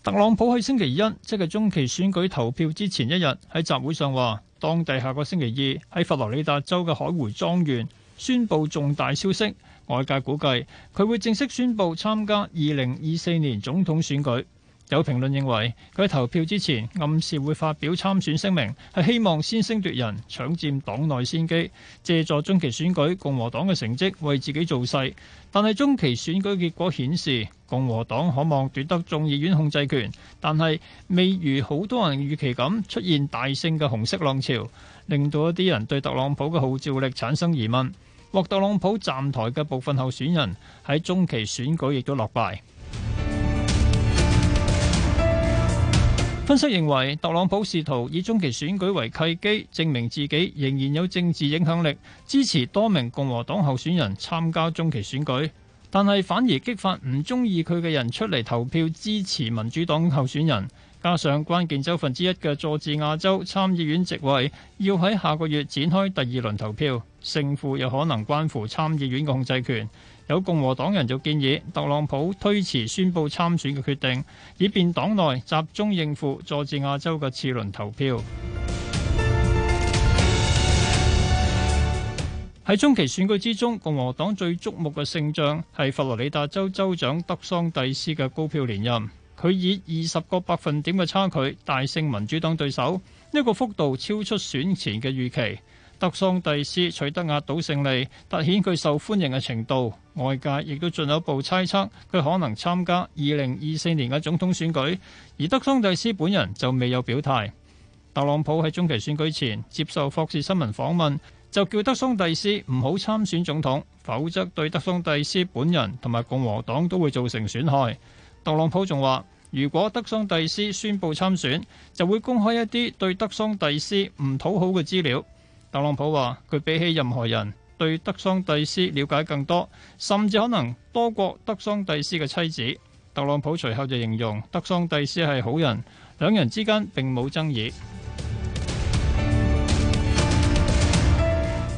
特朗普喺星期一，即係中期選舉投票之前一日，喺集會上話，當地下個星期二喺佛羅里達州嘅海湖莊園宣佈重大消息，外界估計佢會正式宣佈參加二零二四年總統選舉。有評論認為，佢喺投票之前暗示會發表參選聲明，係希望先聲奪人，搶佔黨內先機，借助中期選舉共和黨嘅成績為自己造勢。但係中期選舉結果顯示，共和黨可望奪得眾議院控制權，但係未如好多人預期咁出現大勝嘅紅色浪潮，令到一啲人對特朗普嘅號召力產生疑問。獲特朗普站台嘅部分候選人喺中期選舉亦都落敗。分析認為，特朗普試圖以中期選舉為契機，證明自己仍然有政治影響力，支持多名共和黨候選人參加中期選舉，但係反而激發唔中意佢嘅人出嚟投票支持民主黨候選人。加上關鍵州份之一嘅佐治亞州參議院席位要喺下個月展開第二輪投票，勝負有可能關乎參議院嘅控制權。有共和黨人就建議特朗普推遲宣布參選嘅決定，以便黨內集中應付佐治亞州嘅次輪投票。喺 中期選舉之中，共和黨最矚目嘅勝仗係佛羅里達州州長德桑蒂斯嘅高票連任，佢以二十個百分點嘅差距大勝民主黨對手，呢、這個幅度超出選前嘅預期。德桑蒂斯取得壓倒勝利，凸顯佢受歡迎嘅程度。外界亦都進一步猜測佢可能參加二零二四年嘅總統選舉。而德桑蒂斯本人就未有表態，特朗普喺中期選舉前接受霍士新聞訪問，就叫德桑蒂斯唔好參選總統，否則對德桑蒂斯本人同埋共和黨都會造成損害。特朗普仲話，如果德桑蒂斯宣布參選，就會公開一啲對德桑蒂斯唔討好嘅資料。特朗普話：佢比起任何人對德桑蒂斯了解更多，甚至可能多過德桑蒂斯嘅妻子。特朗普隨後就形容德桑蒂斯係好人，兩人之間並冇爭議。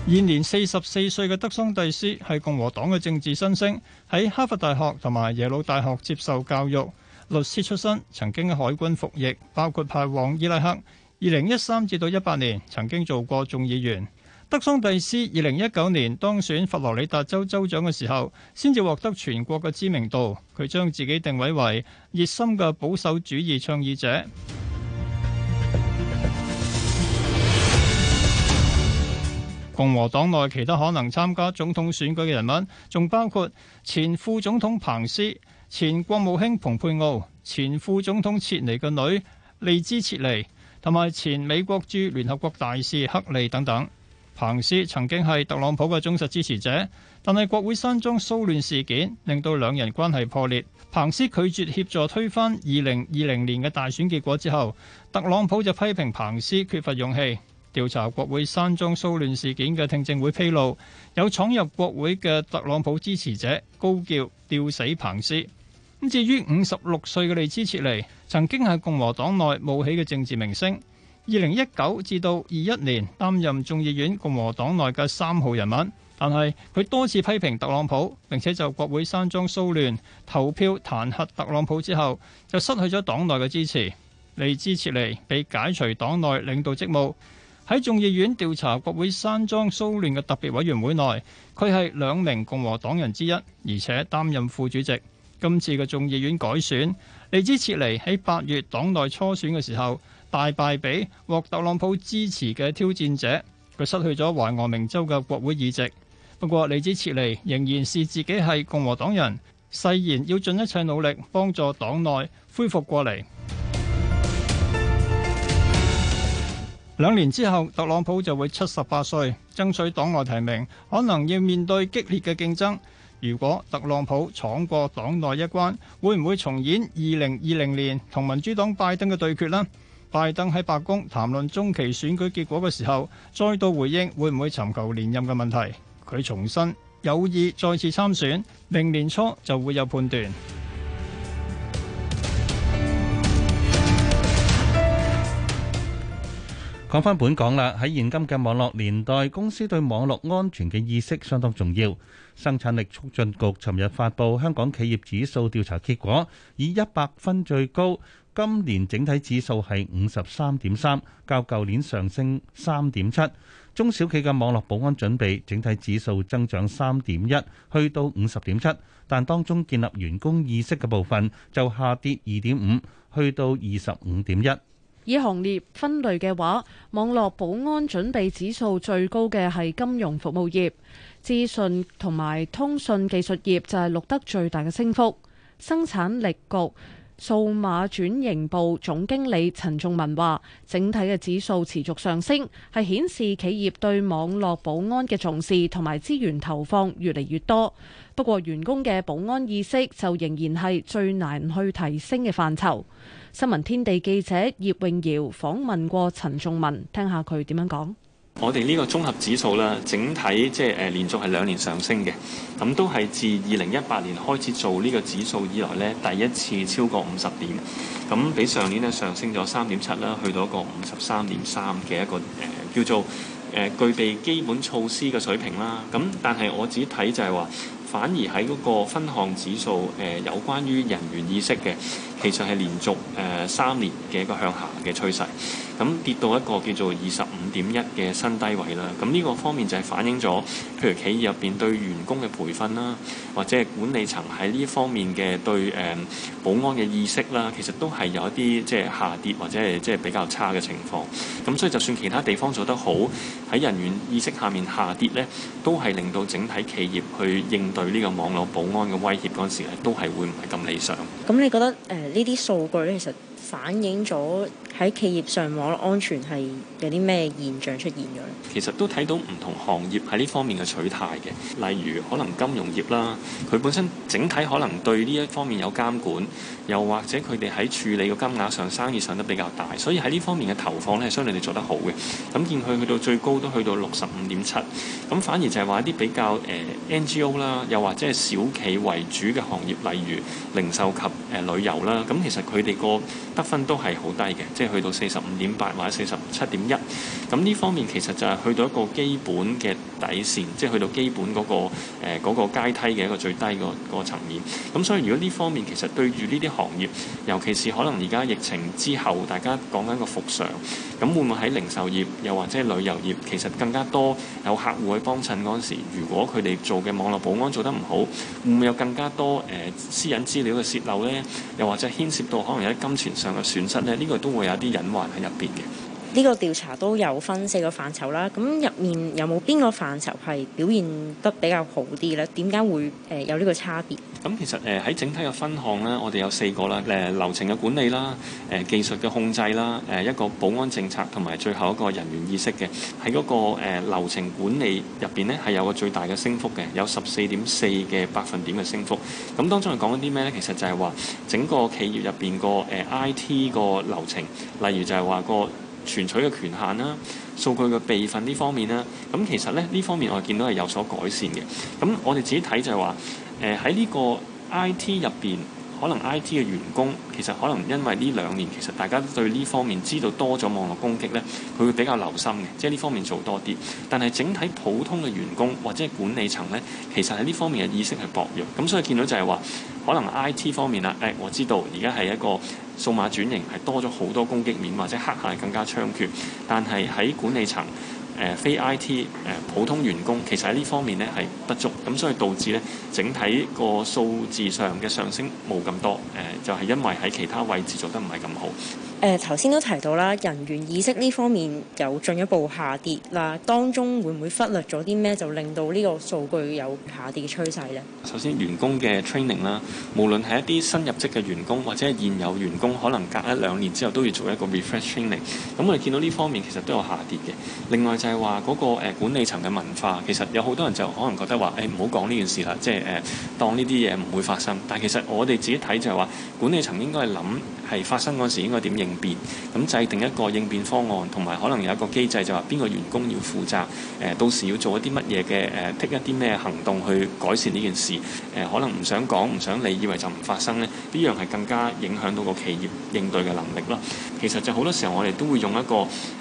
現年四十四歲嘅德桑蒂斯係共和黨嘅政治新星，喺哈佛大學同埋耶魯大學接受教育，律師出身，曾經喺海軍服役，包括派往伊拉克。二零一三至到一八年曾經做過眾議員。德桑蒂斯二零一九年當選佛羅里達州州長嘅時候，先至獲得全國嘅知名度。佢將自己定位為熱心嘅保守主義倡議者。共和黨內其他可能參加總統選舉嘅人物，仲包括前副總統彭斯、前國務卿蓬佩奧、前副總統切尼嘅女利茲切尼。同埋前美國駐聯合國大使克利等等，彭斯曾經係特朗普嘅忠實支持者，但係國會山莊騷亂事件令到兩人關係破裂。彭斯拒絕協助推翻二零二零年嘅大選結果之後，特朗普就批評彭斯缺乏勇氣。調查國會山莊騷亂事件嘅聽證會披露，有闖入國會嘅特朗普支持者高叫吊死彭斯。至於五十六歲嘅利茲·切尼，曾經係共和黨內冒起嘅政治明星。二零一九至到二一年擔任眾議院共和黨內嘅三號人物，但係佢多次批評特朗普，並且就國會山莊騷亂投票彈劾特朗普之後，就失去咗黨內嘅支持。利茲·切尼被解除黨內領導職務。喺眾議院調查國會山莊騷亂嘅特別委員會內，佢係兩名共和黨人之一，而且擔任副主席。今次嘅眾議院改選，里茲切尼喺八月黨內初選嘅時候大敗俾獲特朗普支持嘅挑戰者，佢失去咗懷俄明州嘅國會議席。不過里茲切尼仍然視自己係共和黨人，誓言要盡一切努力幫助黨內恢復過嚟。兩 年之後，特朗普就會七十八歲，爭取黨內提名，可能要面對激烈嘅競爭。如果特朗普闖過黨內一關，會唔會重演二零二零年同民主黨拜登嘅對決呢？拜登喺白宮談論中期選舉結果嘅時候，再度回應會唔會尋求連任嘅問題。佢重申有意再次參選，明年初就會有判斷。講返本港啦，喺現今嘅網絡年代，公司對網絡安全嘅意識相當重要。生產力促進局尋日發布香港企業指數調查結果，以一百分最高。今年整體指數係五十三點三，較舊年上升三點七。中小企嘅網絡保安準備整體指數增長三點一，去到五十點七。但當中建立員工意識嘅部分就下跌二點五，去到二十五點一。以行列分類嘅話，網絡保安準備指數最高嘅係金融服務業資訊同埋通訊技術業就係錄得最大嘅升幅。生產力局數碼轉型部總經理陳仲文話，整體嘅指數持續上升，係顯示企業對網絡保安嘅重視同埋資源投放越嚟越多。不過員工嘅保安意識就仍然係最難去提升嘅範疇。新聞天地記者葉詠瑤訪問過陳仲文，聽下佢點樣講。我哋呢個綜合指數啦，整體即係誒連續係兩年上升嘅，咁都係自二零一八年開始做呢個指數以來呢，第一次超過五十點，咁比上年咧上升咗三點七啦，去到一個五十三點三嘅一個誒叫做誒具備基本措施嘅水平啦。咁但係我自己睇就係話，反而喺嗰個分項指數誒有關於人員意識嘅。其實係連續誒、呃、三年嘅一個向下嘅趨勢，咁跌到一個叫做二十五點一嘅新低位啦。咁呢個方面就係反映咗，譬如企業入邊對員工嘅培訓啦，或者係管理層喺呢方面嘅對誒、呃、保安嘅意識啦，其實都係有一啲即係下跌或者係即係比較差嘅情況。咁所以就算其他地方做得好，喺人員意識下面下跌呢，都係令到整體企業去應對呢個網絡保安嘅威脅嗰陣時咧，都係會唔係咁理想。咁你覺得誒呢啲數據咧，其實反映咗，喺企業上網安全係有啲咩現象出現咗？其實都睇到唔同行業喺呢方面嘅取態嘅，例如可能金融業啦，佢本身整體可能對呢一方面有監管，又或者佢哋喺處理嘅金額上生意上得比較大，所以喺呢方面嘅投放呢，係相對哋做得好嘅。咁見佢去到最高都去到六十五點七，咁反而就係話一啲比較誒 NGO 啦，又或者係小企為主嘅行業，例如零售及誒旅遊啦，咁其實佢哋個得分都係好低嘅，即係。去到四十五點八或者四十七點一，咁呢方面其實就係去到一個基本嘅底線，即係去到基本嗰個誒嗰個階梯嘅一個最低嗰個層面。咁所以如果呢方面其實對住呢啲行業，尤其是可能而家疫情之後大家講緊個復常。咁會唔會喺零售業又或者旅遊業其實更加多有客戶去幫襯嗰陣時，如果佢哋做嘅網絡保安做得唔好，會唔會有更加多誒私隱資料嘅洩漏咧？又或者牽涉到可能有啲金錢上嘅損失咧？呢個都會有。啲隱患喺入邊嘅。呢個調查都有分四個範疇啦，咁入面有冇邊個範疇係表現得比較好啲呢？點解會誒有呢個差別？咁其實誒喺、呃、整體嘅分項呢，我哋有四個啦，誒、呃、流程嘅管理啦，誒、呃、技術嘅控制啦，誒、呃、一個保安政策同埋最後一個人員意識嘅喺嗰個、呃、流程管理入邊呢，係有個最大嘅升幅嘅，有十四點四嘅百分點嘅升幅。咁當中係講緊啲咩呢？其實就係話整個企業入邊個誒 IT 個流程，例如就係話個。存取嘅權限啦，數據嘅備份呢方面啦，咁其實咧呢方面我哋見到係有所改善嘅。咁我哋自己睇就係話，誒喺呢個 IT 入邊，可能 IT 嘅員工其實可能因為呢兩年其實大家對呢方面知道多咗網絡攻擊咧，佢會比較留心嘅，即係呢方面做多啲。但係整體普通嘅員工或者係管理層咧，其實喺呢方面嘅意識係薄弱，咁所以見到就係話。可能 I T 方面啦，誒、哎、我知道而家係一個數碼轉型，係多咗好多攻擊面，或者黑客係更加猖獗。但係喺管理層，誒、呃、非 I T 誒、呃、普通員工，其實喺呢方面咧係不足，咁所以導致咧整體個數字上嘅上升冇咁多，誒、呃、就係、是、因為喺其他位置做得唔係咁好。誒頭先都提到啦，人員意識呢方面有進一步下跌。嗱，當中會唔會忽略咗啲咩，就令到呢個數據有下跌嘅趨勢呢？首先，員工嘅 training 啦，無論係一啲新入職嘅員工或者係現有員工，可能隔一兩年之後都要做一個 refresh training。咁我哋見到呢方面其實都有下跌嘅。另外就係話嗰個、呃、管理層嘅文化，其實有好多人就可能覺得話：誒唔好講呢件事啦，即係誒當呢啲嘢唔會發生。但其實我哋自己睇就係話，管理層應該係諗，係發生嗰時應該點應變，咁制定一個應變方案，同埋可能有一個機制，就話邊個員工要負責，誒、呃、到時要做一啲乜嘢嘅誒 take 一啲咩行動去改善呢件事，誒、呃、可能唔想講，唔想你以為就唔發生呢，呢樣係更加影響到個企業應對嘅能力咯。其實就好多時候我哋都會用一個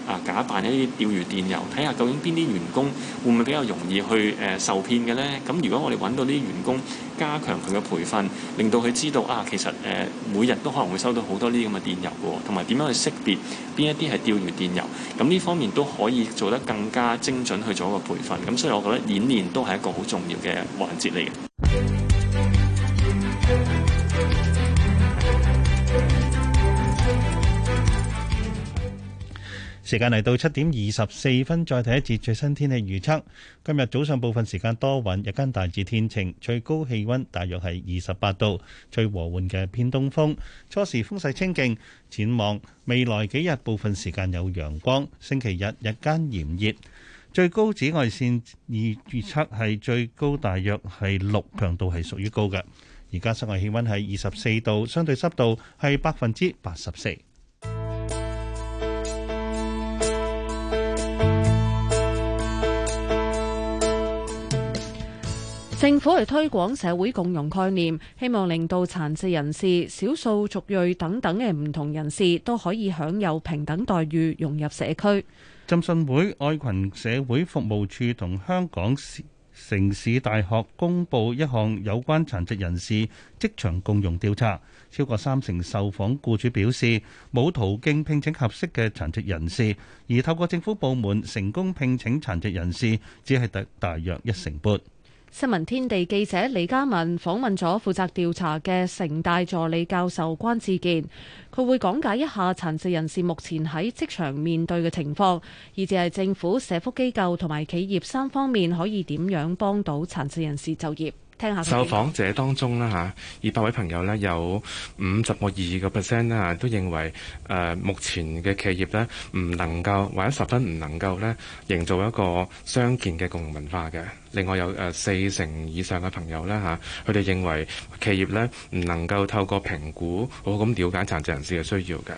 啊假扮一啲釣魚電郵，睇下究竟邊啲員工會唔會比較容易去誒、呃、受騙嘅呢。咁如果我哋揾到啲員工，加強佢嘅培訓，令到佢知道啊，其實誒、呃、每日都可能會收到好多呢啲咁嘅電郵喎，同埋點樣去識別邊一啲係釣魚電郵，咁呢方面都可以做得更加精準去做一個培訓。咁所以，我覺得演練都係一個好重要嘅環節嚟嘅。時間嚟到七點二十四分，再睇一節最新天氣預測。今日早上部分時間多雲，日間大致天晴，最高氣温大約係二十八度，最和緩嘅偏東風，初時風勢清勁。展望未來幾日部分時間有陽光，星期日日間炎熱，最高紫外線預測係最高大約係六強度屬於，係屬於高嘅。而家室外氣温係二十四度，相對濕度係百分之八十四。政府係推廣社會共融概念，希望令到殘疾人士、少數族裔等等嘅唔同人士都可以享有平等待遇，融入社區。浸信會愛群社會服務處同香港城市大學公布一項有關殘疾人士職場共融調查，超過三成受訪僱主表示冇途徑聘請合適嘅殘疾人士，而透過政府部門成功聘請殘疾人士，只係得大約一成半。新聞天地記者李家文訪問咗負責調查嘅城大助理教授關志健，佢會講解一下殘疾人士目前喺職場面對嘅情況，以至係政府、社福機構同埋企業三方面可以點樣幫到殘疾人士就業。聽下受訪者當中咧吓，二百位朋友呢，有五十點二個 percent 咧都認為誒，目前嘅企業呢，唔能夠或者十分唔能夠呢，營造一個傷健嘅共融文化嘅。另外有誒四成以上嘅朋友咧嚇，佢哋認為企業呢唔能夠透過評估好好咁了解殘疾人士嘅需要嘅。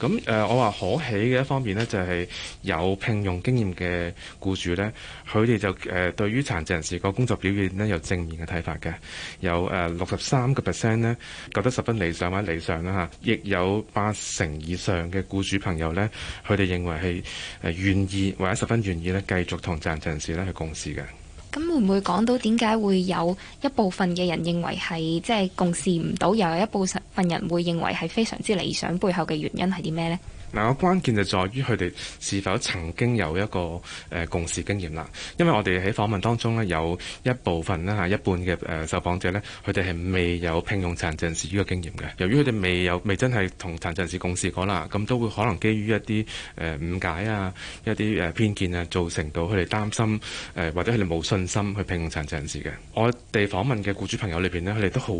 咁誒，我話可喜嘅一方面呢，就係有聘用經驗嘅僱主呢，佢哋就誒對於殘疾人士個工作表現呢有正面嘅睇法嘅。有誒六十三個 percent 呢覺得十分理想或者理想啦嚇，亦有八成以上嘅僱主朋友呢，佢哋認為係誒願意或者十分願意呢繼續同殘疾人士呢去共事嘅。咁會唔會講到點解會有一部分嘅人認為係即係共事唔到，又有一部分人會認為係非常之理想，背後嘅原因係啲咩咧？嗱，個關鍵就在於佢哋是否曾經有一個誒共事經驗啦，因為我哋喺訪問當中咧有一部分啦吓，一半嘅誒受訪者咧，佢哋係未有聘用殘疾人士呢個經驗嘅。由於佢哋未有未真係同殘疾人士共事過啦，咁都會可能基於一啲誒誤解啊、一啲誒偏見啊，造成到佢哋擔心誒或者佢哋冇信心去聘用殘疾人士嘅。我哋訪問嘅僱主朋友裏邊咧，佢哋都好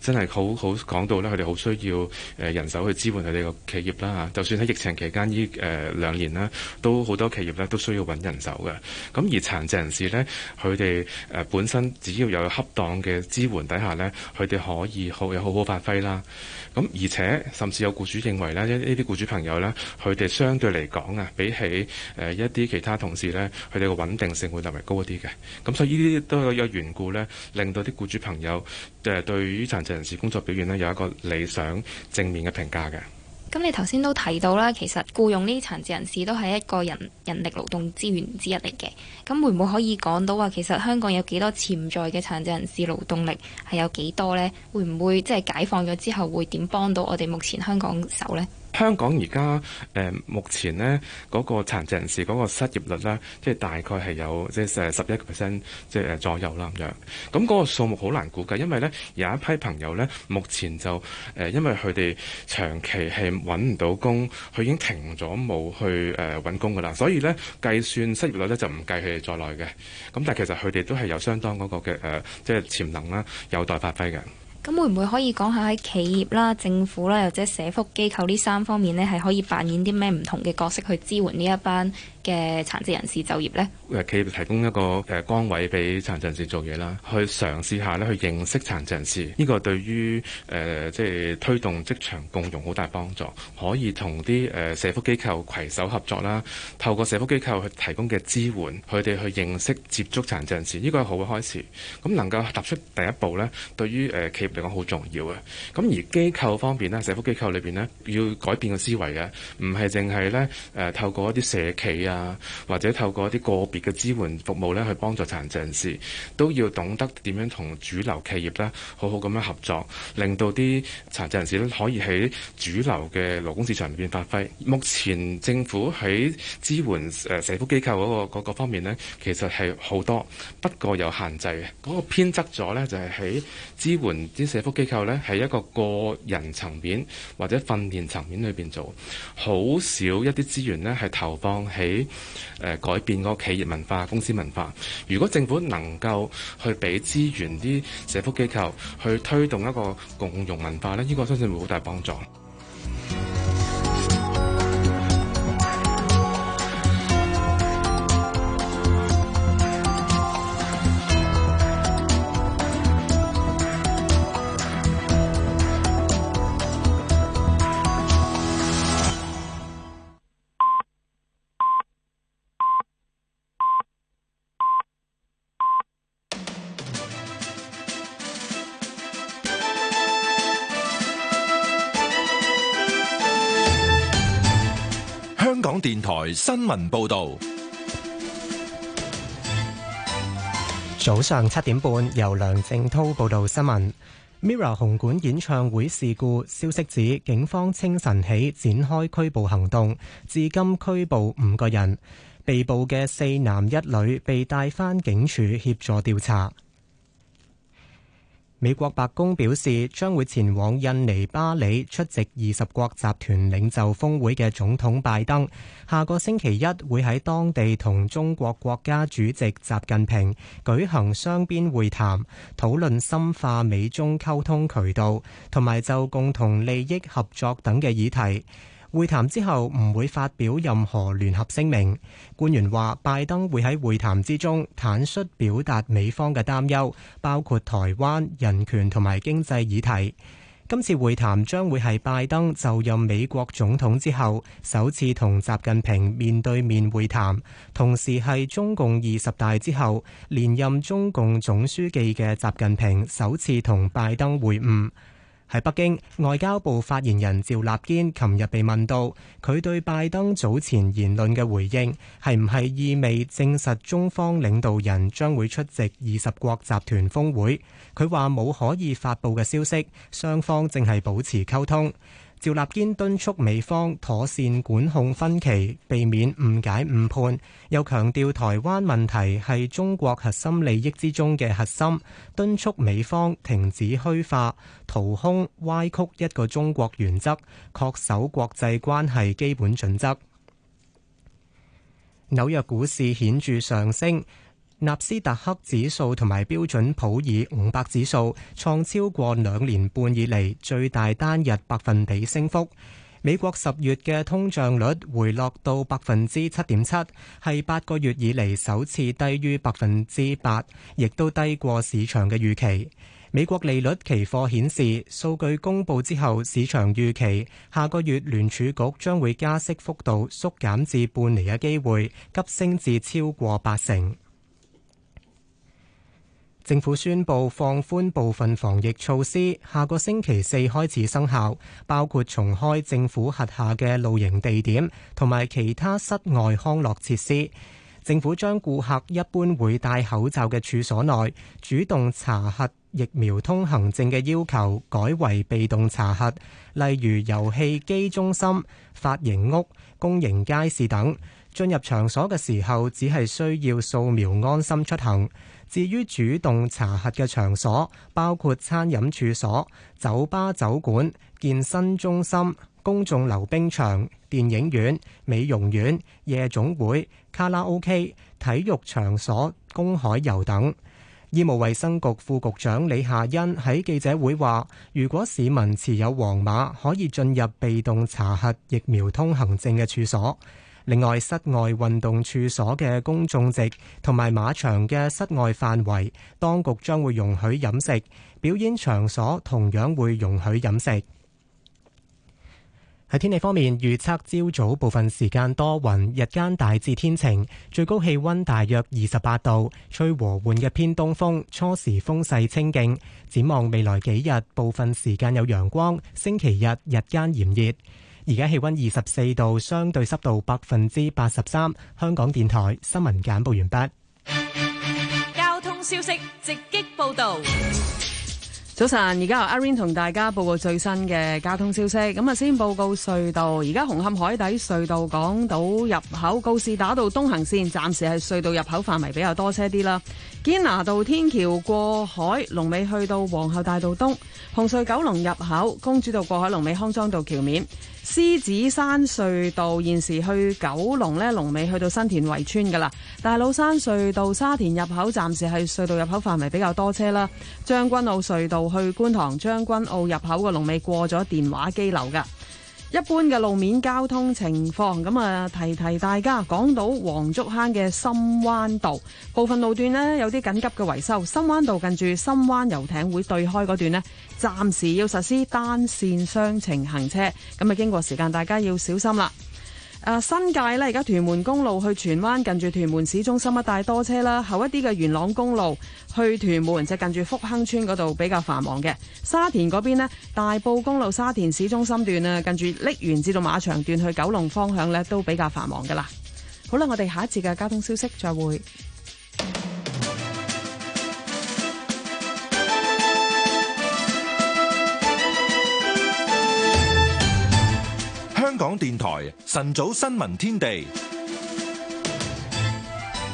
真係好好講到咧，佢哋好需要誒人手去支援佢哋個企業啦吓，就算喺疫情期間，呢誒兩年呢，都好多企業咧都需要揾人手嘅。咁而殘疾人士呢，佢哋誒本身只要有恰當嘅支援底下呢，佢哋可以好又好好發揮啦。咁而且甚至有僱主認為咧，呢啲僱主朋友呢，佢哋相對嚟講啊，比起誒一啲其他同事呢，佢哋嘅穩定性會略為高一啲嘅。咁所以呢啲都有一個緣故呢，令到啲僱主朋友誒對於殘疾人士工作表現呢，有一個理想正面嘅評價嘅。咁你頭先都提到啦，其實僱用呢啲殘疾人士都係一個人人力勞動資源之一嚟嘅。咁會唔會可以講到話，其實香港有幾多潛在嘅殘疾人士勞動力係有幾多呢？會唔會即係解放咗之後會點幫到我哋目前香港手呢？香港而家誒目前呢，嗰、那個殘疾人士嗰個失業率呢，即係大概係有即係十一個 percent 即係誒左右啦咁樣。咁、那、嗰個數目好難估計，因為呢有一批朋友呢，目前就誒、呃、因為佢哋長期係揾唔到工，佢已經停咗冇去誒揾、呃、工㗎喇。所以呢，計算失業率呢，就唔計佢哋在內嘅。咁但係其實佢哋都係有相當嗰個嘅誒、呃，即係潛能啦，有待發揮嘅。咁會唔會可以講下喺企業啦、政府啦，又或者社福機構呢三方面呢，係可以扮演啲咩唔同嘅角色去支援呢一班嘅殘疾人士就業咧，誒企業提供一個誒崗位俾殘疾人士做嘢啦，去嘗試下咧去認識殘疾人士，呢個對於誒即係推動職場共融好大幫助，可以同啲誒社福機構携手合作啦，透過社福機構去提供嘅支援，佢哋去認識接觸殘疾人士，呢個係好嘅開始。咁能夠踏出第一步咧，對於誒企業嚟講好重要嘅。咁而機構方面咧，社福機構裏邊咧要改變個思維嘅，唔係淨係咧誒透過一啲社企啊。啊，或者透過一啲個別嘅支援服務咧，去幫助殘疾人士，都要懂得點樣同主流企業咧好好咁樣合作，令到啲殘疾人士可以喺主流嘅勞工市場裏邊發揮。目前政府喺支援誒社福機構嗰個嗰個方面呢，其實係好多，不過有限制嘅。嗰個偏側咗呢，就係喺支援啲社福機構呢，係一個個人層面或者訓練層面裏邊做，好少一啲資源呢，係投放喺誒改變個企業文化、公司文化。如果政府能夠去俾資源啲社福機構去推動一個共融文化咧，呢個相信會好大幫助。電台新聞報道：早上七點半，由梁正濤報道新聞。Mirror 紅館演唱會事故消息指，警方清晨起展開拘捕行動，至今拘捕五個人，被捕嘅四男一女被帶返警署協助調查。美國白宮表示，將會前往印尼巴里出席二十國集團領袖峰會嘅總統拜登，下個星期一會喺當地同中國國家主席習近平舉行雙邊會談，討論深化美中溝通渠道同埋就共同利益合作等嘅議題。會談之後唔會發表任何聯合聲明。官員話，拜登會喺會談之中坦率表達美方嘅擔憂，包括台灣、人權同埋經濟議題。今次會談將會係拜登就任美國總統之後首次同習近平面對面會談，同時係中共二十大之後連任中共總書記嘅習近平首次同拜登會晤。喺北京，外交部發言人趙立堅琴日被問到，佢對拜登早前言論嘅回應，係唔係意味證實中方領導人將會出席二十國集團峰會？佢話冇可以發布嘅消息，雙方正係保持溝通。趙立堅敦促美方妥善管控分歧，避免誤解誤判，又強調台灣問題係中國核心利益之中嘅核心，敦促美方停止虛化、掏空、歪曲一個中國原則，確守國際關係基本準則。紐約股市顯著上升。納斯達克指數同埋標準普爾五百指數創超過兩年半以嚟最大單日百分比升幅。美國十月嘅通脹率回落到百分之七點七，係八個月以嚟首次低於百分之八，亦都低過市場嘅預期。美國利率期貨顯示，數據公佈之後，市場預期下個月聯儲局將會加息幅度縮減至半釐嘅機會急升至超過八成。政府宣布放寬部分防疫措施，下個星期四開始生效，包括重開政府轄下嘅露營地點同埋其他室外康樂設施。政府將顧客一般會戴口罩嘅處所內主動查核疫苗通行證嘅要求，改為被動查核，例如遊戲機中心、髮型屋、公營街市等。進入場所嘅時候，只係需要掃描安心出行。至於主動查核嘅場所，包括餐飲處所、酒吧酒館、健身中心、公眾溜冰場、電影院、美容院、夜總會、卡拉 OK、體育場所、公海遊等。醫務衛生局副局長李夏欣喺記者會話，如果市民持有黃碼，可以進入被動查核疫苗通行證嘅處所。另外，室外運動處所嘅公眾席同埋馬場嘅室外範圍，當局將會容許飲食。表演場所同樣會容許飲食。喺天氣方面，預測朝早部分時間多雲日間大致天晴，最高氣溫大約二十八度，吹和緩嘅偏東風，初時風勢清勁，展望未來幾日，部分時間有陽光，星期日日間炎熱。而家氣溫二十四度，相對濕度百分之八十三。香港電台新聞簡報完畢。交通消息直擊報道。早晨，而家由阿 Rain 同大家報告最新嘅交通消息。咁啊，先報告隧道。而家紅磡海底隧道港島入口告士打道東行線，暫時係隧道入口範圍比較多車啲啦。堅拿道天橋過海，龍尾去到皇后大道東；紅隧九龍入口，公主道過海，龍尾康莊道橋面；獅子山隧道現時去九龍咧，龍尾去到新田圍村噶啦；大老山隧道沙田入口，暫時係隧道入口範圍比較多車啦；將軍澳隧道去觀塘，將軍澳入口個龍尾過咗電話機樓噶。一般嘅路面交通情況，咁啊提提大家，講到黃竹坑嘅深灣道，部分路段呢有啲緊急嘅維修。深灣道近住深灣遊艇會對開嗰段呢，暫時要實施單線雙程行車，咁啊經過時間大家要小心啦。啊，新界咧，而家屯門公路去荃灣近住屯門市中心一帶多車啦，後一啲嘅元朗公路去屯門就近住福亨村嗰度比較繁忙嘅，沙田嗰邊呢，大埔公路沙田市中心段啊，近住瀝源至到馬場段去九龍方向咧都比較繁忙噶啦。好啦，我哋下一次嘅交通消息再會。港電台晨早新聞天地，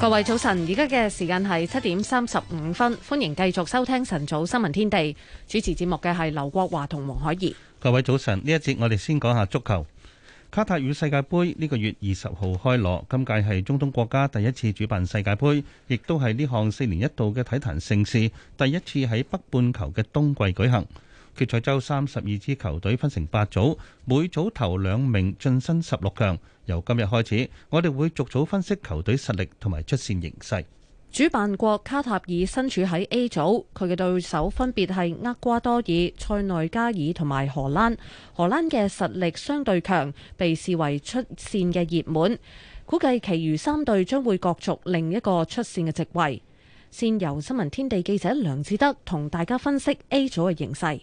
各位早晨，而家嘅時間係七點三十五分，歡迎繼續收聽晨早新聞天地。主持節目嘅係劉國華同黃海怡。各位早晨，呢一節我哋先講下足球。卡塔爾世界杯呢個月二十號開鑼，今屆係中東國家第一次主辦世界杯，亦都係呢項四年一度嘅體壇盛事第一次喺北半球嘅冬季舉行。決賽周三十二支球隊分成八組，每組頭兩名晉身十六強。由今日開始，我哋會逐組分析球隊實力同埋出線形勢。主辦國卡塔爾身處喺 A 組，佢嘅對手分別係厄瓜多爾、塞內加爾同埋荷蘭。荷蘭嘅實力相對強，被視為出線嘅熱門。估計其餘三隊將會角逐另一個出線嘅席位。先由新聞天地記者梁志德同大家分析 A 組嘅形勢。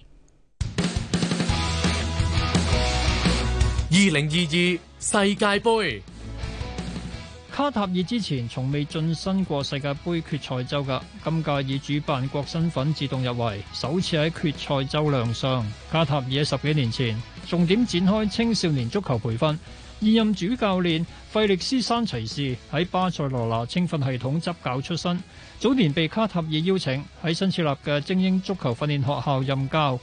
二零二二世界杯，卡塔爾之前從未晉身過世界杯決賽周噶，今屆以主辦國身份自動入圍，首次喺決賽周亮相。卡塔爾喺十幾年前重點展開青少年足球培訓，現任主教練費力斯山齊士喺巴塞羅那青訓系統執教出身，早年被卡塔爾邀請喺新設立嘅精英足球訓練學校任教。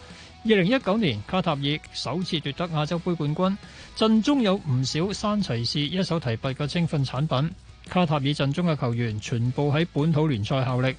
二零一九年卡塔爾首次奪得亞洲盃冠軍，陣中有唔少山齊士一手提拔嘅青訓產品。卡塔爾陣中嘅球員全部喺本土聯賽效力，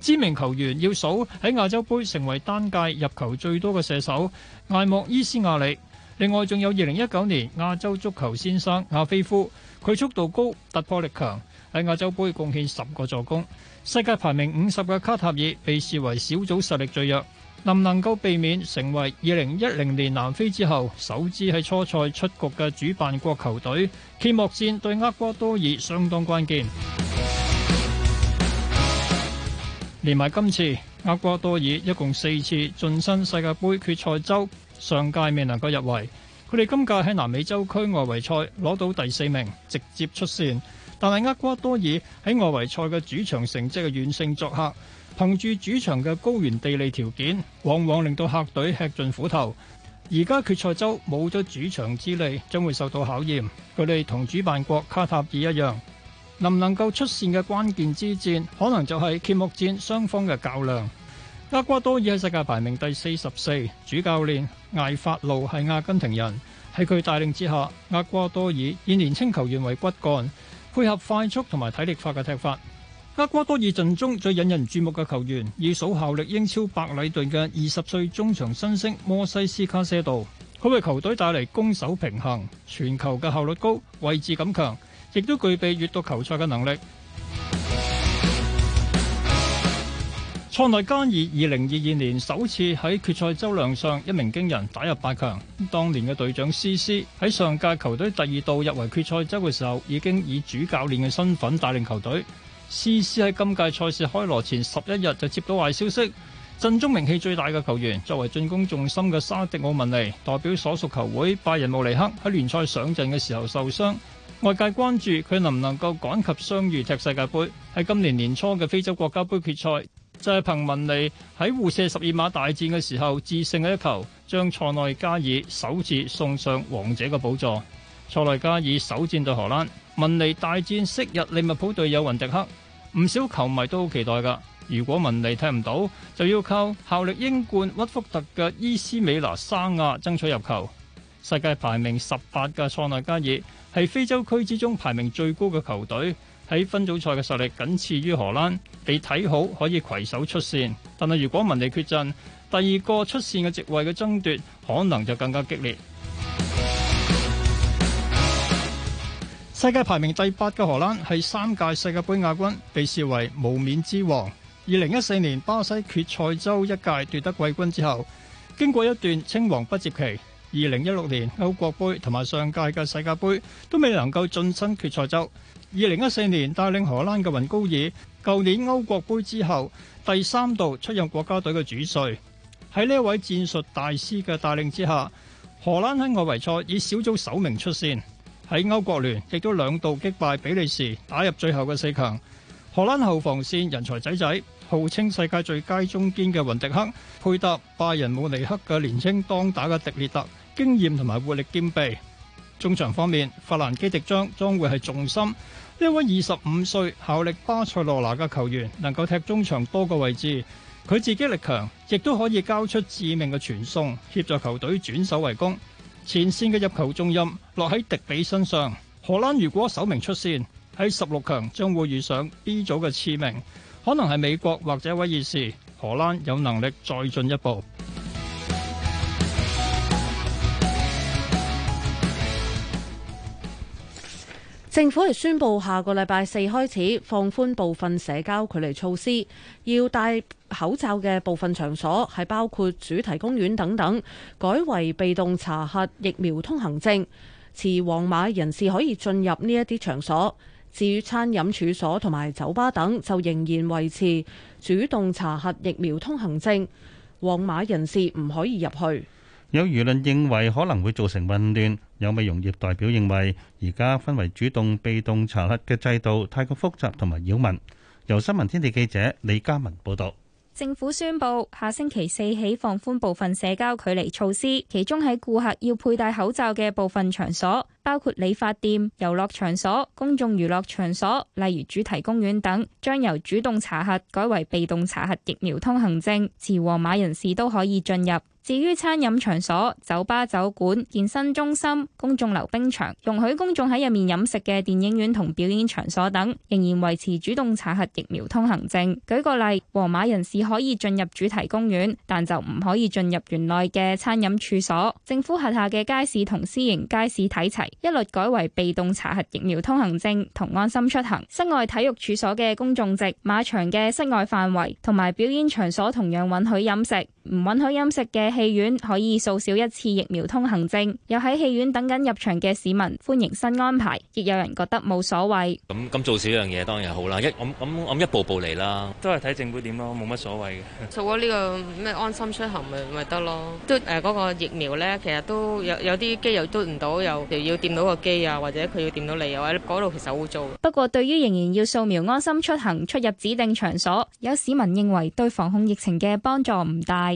知名球員要數喺亞洲盃成為單屆入球最多嘅射手艾莫伊斯亞里。另外，仲有二零一九年亞洲足球先生亞菲夫，佢速度高、突破力強，喺亞洲盃貢獻十個助攻。世界排名五十嘅卡塔爾被視為小組實力最弱。能唔能夠避免成為二零一零年南非之後首支喺初賽出局嘅主辦國球隊？揭幕戰對厄瓜多爾相當關鍵。 連埋今次厄瓜多爾一共四次晉身世界盃決賽周，上屆未能夠入圍。佢哋今屆喺南美洲區外圍賽攞到第四名，直接出線。但係厄瓜多爾喺外圍賽嘅主場成績嘅遠勝作客。憑住主場嘅高原地利條件，往往令到客隊吃盡苦頭。而家決賽周冇咗主場之利，將會受到考驗。佢哋同主辦國卡塔爾一樣，能唔能夠出線嘅關鍵之戰，可能就係揭幕戰雙方嘅較量。厄瓜多爾喺世界排名第四十四，主教練艾法魯係阿根廷人，喺佢帶領之下，厄瓜多爾以年輕球員為骨幹，配合快速同埋體力法嘅踢法。厄瓜多爾陣中最引人注目嘅球員，以數效力英超白禮頓嘅二十歲中場新星摩西斯卡謝度，佢為球隊帶嚟攻守平衡，傳球嘅效率高，位置感強，亦都具備閱讀球賽嘅能力。塞內加爾二零二二年首次喺決賽周亮相，一鳴驚人，打入八強。當年嘅隊長施斯喺上屆球隊第二度入圍決賽周嘅時候，已經以主教練嘅身份帶領球隊。塞塞喺今屆賽事開鑼前十一日就接到壞消息，陣中名氣最大嘅球員，作為進攻重心嘅沙迪奧文尼，代表所屬球會拜仁慕尼黑喺聯賽上陣嘅時候受傷，外界關注佢能唔能夠趕及傷愈踢世界盃。喺今年年初嘅非洲國家杯決賽，謝、就係、憑文尼喺互射十二碼大戰嘅時候致勝嘅一球，將塞內加爾首次送上王者嘅寶座。塞內加爾首戰對荷蘭，文尼大戰昔日利物浦隊友雲迪克，唔少球迷都好期待噶。如果文尼睇唔到，就要靠效力英冠屈福特嘅伊斯美拿沙亞爭取入球。世界排名十八嘅塞內加爾係非洲區之中排名最高嘅球隊，喺分組賽嘅實力僅次於荷蘭，被睇好可以攜手出線。但係如果文尼缺陣，第二個出線嘅席位嘅爭奪可能就更加激烈。世界排名第八嘅荷蘭係三屆世界盃亞軍，被視為無冕之王。二零一四年巴西決賽週一屆奪得季軍之後，經過一段青黃不接期，二零一六年歐國杯同埋上屆嘅世界盃都未能夠晉身決賽週。二零一四年帶領荷蘭嘅雲高爾，舊年歐國杯之後第三度出任國家隊嘅主帥。喺呢位戰術大師嘅帶領之下，荷蘭喺外圍賽以小組首名出線。喺歐國聯亦都兩度擊敗比利時，打入最後嘅四強。荷蘭後防線人才仔仔，號稱世界最佳中堅嘅雲迪克，配搭拜仁慕尼黑嘅年青當打嘅迪列特，經驗同埋活力兼備。中場方面，法蘭基迪將將會係重心，呢位二十五歲效力巴塞羅那嘅球員，能夠踢中場多個位置，佢自己力強，亦都可以交出致命嘅傳送，協助球隊轉守為攻。前線嘅入球重音落喺迪比身上，荷蘭如果首名出線喺十六強，將會遇上 B 組嘅次名，可能係美國或者威爾士。荷蘭有能力再進一步。政府係宣布下個禮拜四開始放寬部分社交距離措施要帶，要帶，口罩嘅部分場所係包括主題公園等等，改為被動查核疫苗通行證。持黃碼人士可以進入呢一啲場所。至於餐飲處所同埋酒吧等，就仍然維持主動查核疫苗通行證。黃碼人士唔可以入去。有輿論認為可能會造成混亂。有美容業代表認為，而家分為主動、被動查核嘅制度太過複雜同埋擾民。由新聞天地記者李嘉文報道。政府宣布，下星期四起放寬部分社交距離措施，其中喺顧客要佩戴口罩嘅部分場所，包括理髮店、遊樂場所、公眾娛樂場所，例如主題公園等，將由主動查核改為被動查核疫苗通行證，持黃碼人士都可以進入。至於餐飲場所、酒吧、酒館、健身中心、公眾溜冰場、容許公眾喺入面飲食嘅電影院同表演場所等，仍然維持主動查核疫苗通行證。舉個例，黃碼人士可以進入主題公園，但就唔可以進入園內嘅餐飲處所。政府轄下嘅街市同私營街市睇齊，一律改為被動查核疫苗通行證同安心出行。室外體育處所嘅公眾席、馬場嘅室外範圍同埋表演場所，同樣允許飲食。唔允許飲食嘅戲院可以掃少一次疫苗通行證，又喺戲院等緊入場嘅市民歡迎新安排，亦有人覺得冇所謂，咁咁做少樣嘢當然好啦，一咁一步步嚟啦，都係睇政府點咯，冇乜所謂嘅，掃咗呢個咩安心出行咪咪得咯，都誒嗰、呃嗰個疫苗咧，其實都有有啲機又篤唔到，又又要掂到個機啊，或者佢要掂到你，或者嗰度其實會做。不過，對於仍然要掃描安心出行出入指定場所，有市民認為對防控疫情嘅幫助唔大。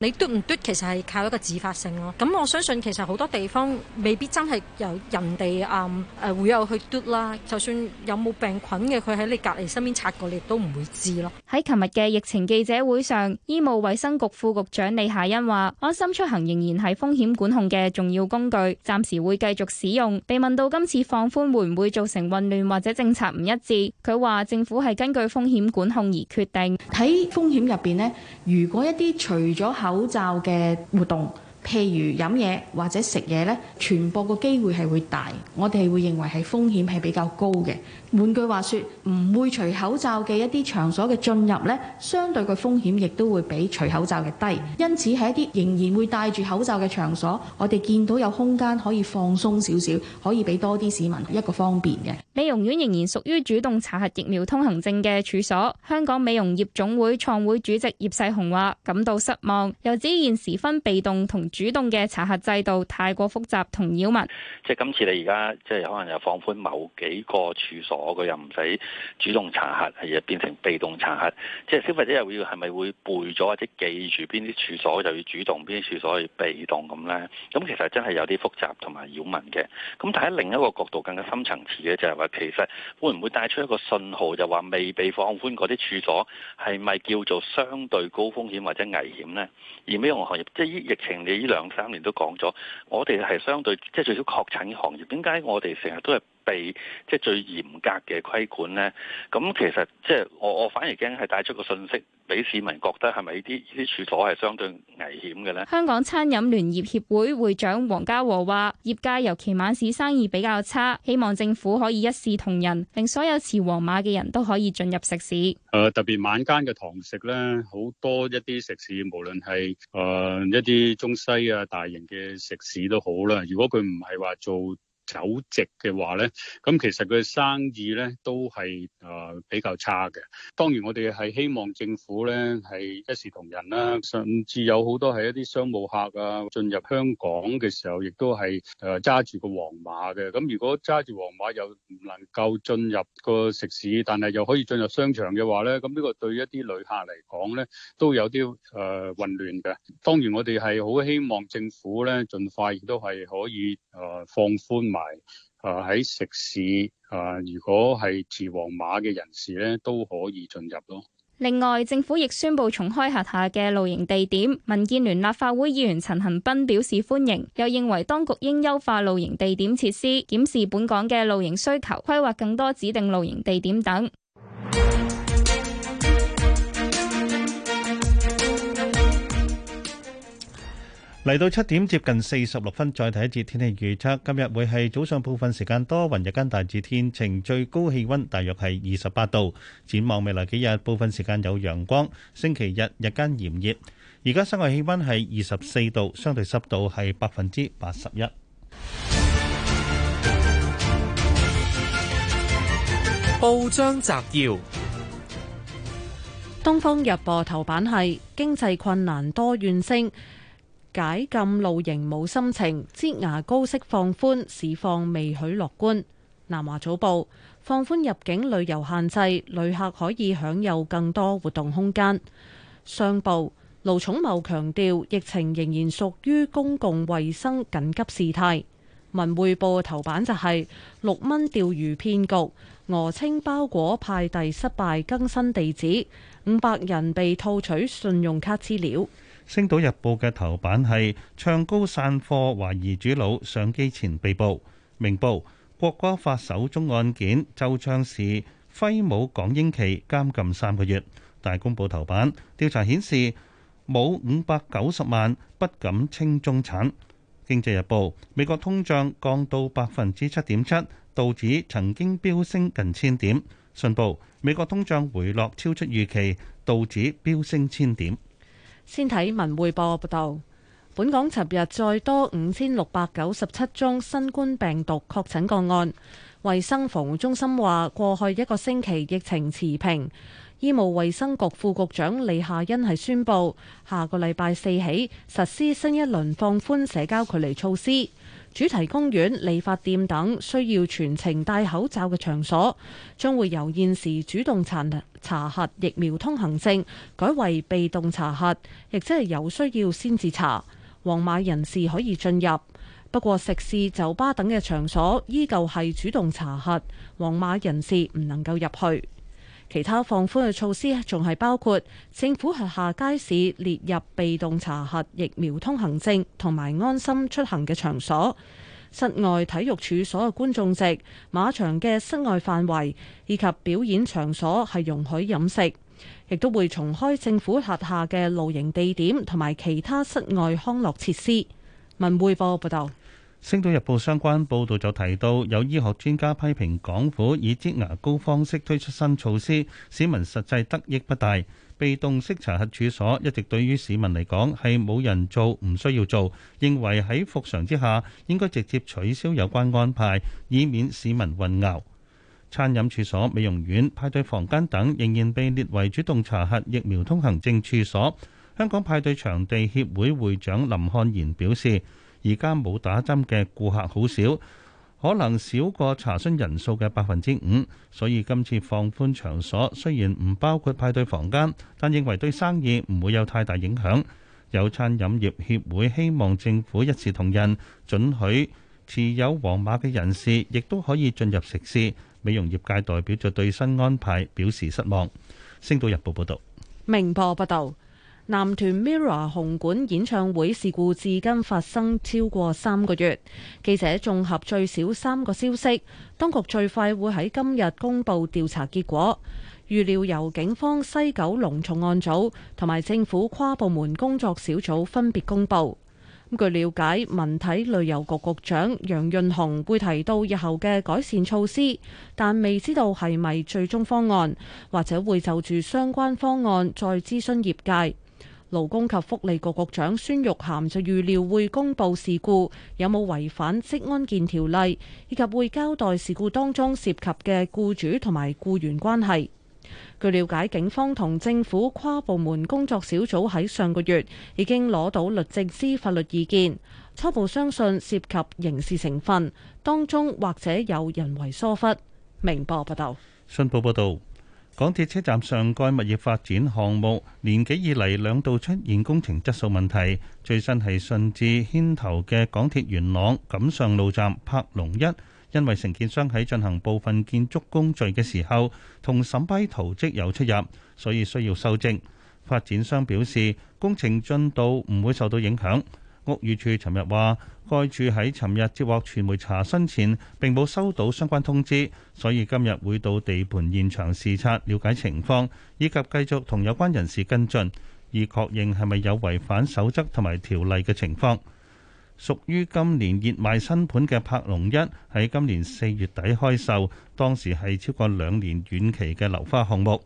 你嘟唔嘟其實係靠一個自發性咯。咁我相信其實好多地方未必真係由人哋誒會有去嘟啦。就算有冇病菌嘅，佢喺你隔籬身邊擦過，你都唔會知咯。喺琴日嘅疫情記者會上，醫務衛生局副局長李夏欣話：安心出行仍然係風險管控嘅重要工具，暫時會繼續使用。被問到今次放寬會唔會造成混亂或者政策唔一致，佢話政府係根據風險管控而決定。喺風險入邊呢，如果一啲除咗口罩嘅活動，譬如飲嘢或者食嘢咧，傳播嘅機會係會大，我哋會認為係風險係比較高嘅。換句話說，唔會除口罩嘅一啲場所嘅進入呢，相對嘅風險亦都會比除口罩嘅低。因此喺一啲仍然會戴住口罩嘅場所，我哋見到有空間可以放鬆少少，可以俾多啲市民一個方便嘅。美容院仍然屬於主動查核疫苗通行證嘅處所。香港美容業總會創會主席葉世雄話：感到失望，又指現時分被動同主動嘅查核制度太過複雜同擾民。即今次你而家即係可能又放寬某幾個處所。我個又唔使主動查核，係又變成被動查核，即係消費者又會係咪會背咗或者記住邊啲處所，就要主動邊啲處所要被動咁咧？咁其實真係有啲複雜同埋擾民嘅。咁但喺另一個角度，更加深層次嘅就係話，其實會唔會帶出一個信號，就話未被放寬嗰啲處所係咪叫做相對高風險或者危險咧？而美容行業，即係依疫情，你呢兩三年都講咗，我哋係相對即係最少確診嘅行業，點解我哋成日都係被即係最嚴格嘅規管呢，咁其實即係我我反而驚係帶出個信息俾市民覺得係咪呢啲啲處所係相對危險嘅咧？香港餐飲聯業協會會,會長黃家和話：業界尤其晚市生意比較差，希望政府可以一視同仁，令所有持黃碼嘅人都可以進入食肆。誒、呃、特別晚間嘅堂食咧，好多一啲食肆，無論係誒、呃、一啲中西啊、大型嘅食肆都好啦。如果佢唔係話做。酒席嘅話咧，咁其實佢生意咧都係誒、呃、比較差嘅。當然我哋係希望政府咧係一視同仁啦，甚至有好多係一啲商務客啊進入香港嘅時候，亦都係誒揸住個黃碼嘅。咁如果揸住黃碼又唔能夠進入個食肆，但係又可以進入商場嘅話咧，咁呢個對一啲旅客嚟講咧都有啲誒、呃、混亂嘅。當然我哋係好希望政府咧盡快亦都係可以誒、呃、放寬。啊喺食肆，啊如果係持黃碼嘅人士咧，都可以進入咯。另外，政府亦宣布重開轄下嘅露營地點。民建聯立法會議員陳恒鑌表示歡迎，又認為當局應優化露營地點設施，檢視本港嘅露營需求，規劃更多指定露營地點等。嚟到七點接近四十六分，再睇一節天氣預測。今日會係早上部分時間多雲，雲日間大致天晴，最高氣温大約係二十八度。展望未來幾日，部分時間有陽光。星期日日間炎熱。而家室外氣温係二十四度，相對濕度係百分之八十一。報章摘要：《東方日報》頭版係經濟困難多怨聲。解禁露營冇心情，擠牙膏式放寬，市況未許樂觀。南華早報放寬入境旅遊限制，旅客可以享有更多活動空間。商報盧寵茂強調，疫情仍然屬於公共衞生緊急事態。文匯報頭版就係六蚊釣魚騙局，訛稱包裹派遞失敗更新地址，五百人被套取信用卡資料。《星島日報》嘅頭版係唱高散貨，懷疑主腦上機前被捕。明報國歌法，首宗案件就將是揮舞港英旗監禁三個月。大公報頭版調查顯示冇五百九十萬不敢稱中產。《經濟日報》美國通脹降到百分之七點七，道指曾經飆升近千點。信報美國通脹回落超出預期，道指飆升千點。先睇文匯報報道，本港尋日再多五千六百九十七宗新冠病毒確診個案。衛生防護中心話，過去一個星期疫情持平。醫務衛生局副局長李夏欣係宣布，下個禮拜四起實施新一輪放寬社交距離措施。主題公園、理髮店等需要全程戴口罩嘅場所，將會由現時主動查查核疫苗通行證，改為被動查核，亦即係有需要先至查。黃碼人士可以進入，不過食肆、酒吧等嘅場所依舊係主動查核，黃碼人士唔能夠入去。其他放寬嘅措施仲係包括政府轄下街市列入被動查核疫苗通行證，同埋安心出行嘅場所、室外體育處所嘅觀眾席、馬場嘅室外範圍以及表演場所係容許飲食，亦都會重開政府轄下嘅露營地點同埋其他室外康樂設施。文匯報報道。《星島日報》相關報導就提到，有醫學專家批評港府以擠牙膏方式推出新措施，市民實際得益不大。被動式查核處所一直對於市民嚟講係冇人做，唔需要做，認為喺復常之下應該直接取消有關安排，以免市民混淆。餐飲處所、美容院、派對房間等仍然被列為主動查核疫苗通行證處所。香港派對場地協會會會長林漢賢表示。而家冇打針嘅顧客好少，可能少過查詢人數嘅百分之五，所以今次放寬場所雖然唔包括派對房間，但認為對生意唔會有太大影響。有餐飲業協會希望政府一視同仁，准許持有黃碼嘅人士亦都可以進入食肆。美容業界代表就對新安排表示失望。星島日報報道：「明報不道。」男團 Mirror 紅館演唱會事故至今發生超過三個月，記者綜合最少三個消息，當局最快會喺今日公布調查結果，預料由警方西九龍重案組同埋政府跨部門工作小組分別公布。咁據了解，文體旅遊局局長楊潤雄會提到日後嘅改善措施，但未知道係咪最終方案，或者會就住相關方案再諮詢業界。勞工及福利局局長孫玉菡就預料會公布事故有冇違反職安健條例，以及會交代事故當中涉及嘅僱主同埋僱員關係。據了解，警方同政府跨部門工作小組喺上個月已經攞到律政司法律意見，初步相信涉及刑事成分，當中或者有人為疏忽。明報報道，信報報道。港鐵車站上蓋物業發展項目年幾以嚟兩度出現工程質素問題，最新係順治牽頭嘅港鐵元朗錦上路站柏龍一，因為承建商喺進行部分建築工序嘅時候，同審批圖則有出入，所以需要修正。發展商表示工程進度唔會受到影響。屋宇署尋日話，該署喺尋日接獲傳媒查詢前，並冇收到相關通知，所以今日會到地盤現場視察，了解情況，以及繼續同有關人士跟進，以確認係咪有違反守則同埋條例嘅情況。屬於今年熱賣新盤嘅柏龍一喺今年四月底開售，當時係超過兩年遠期嘅樓花項目。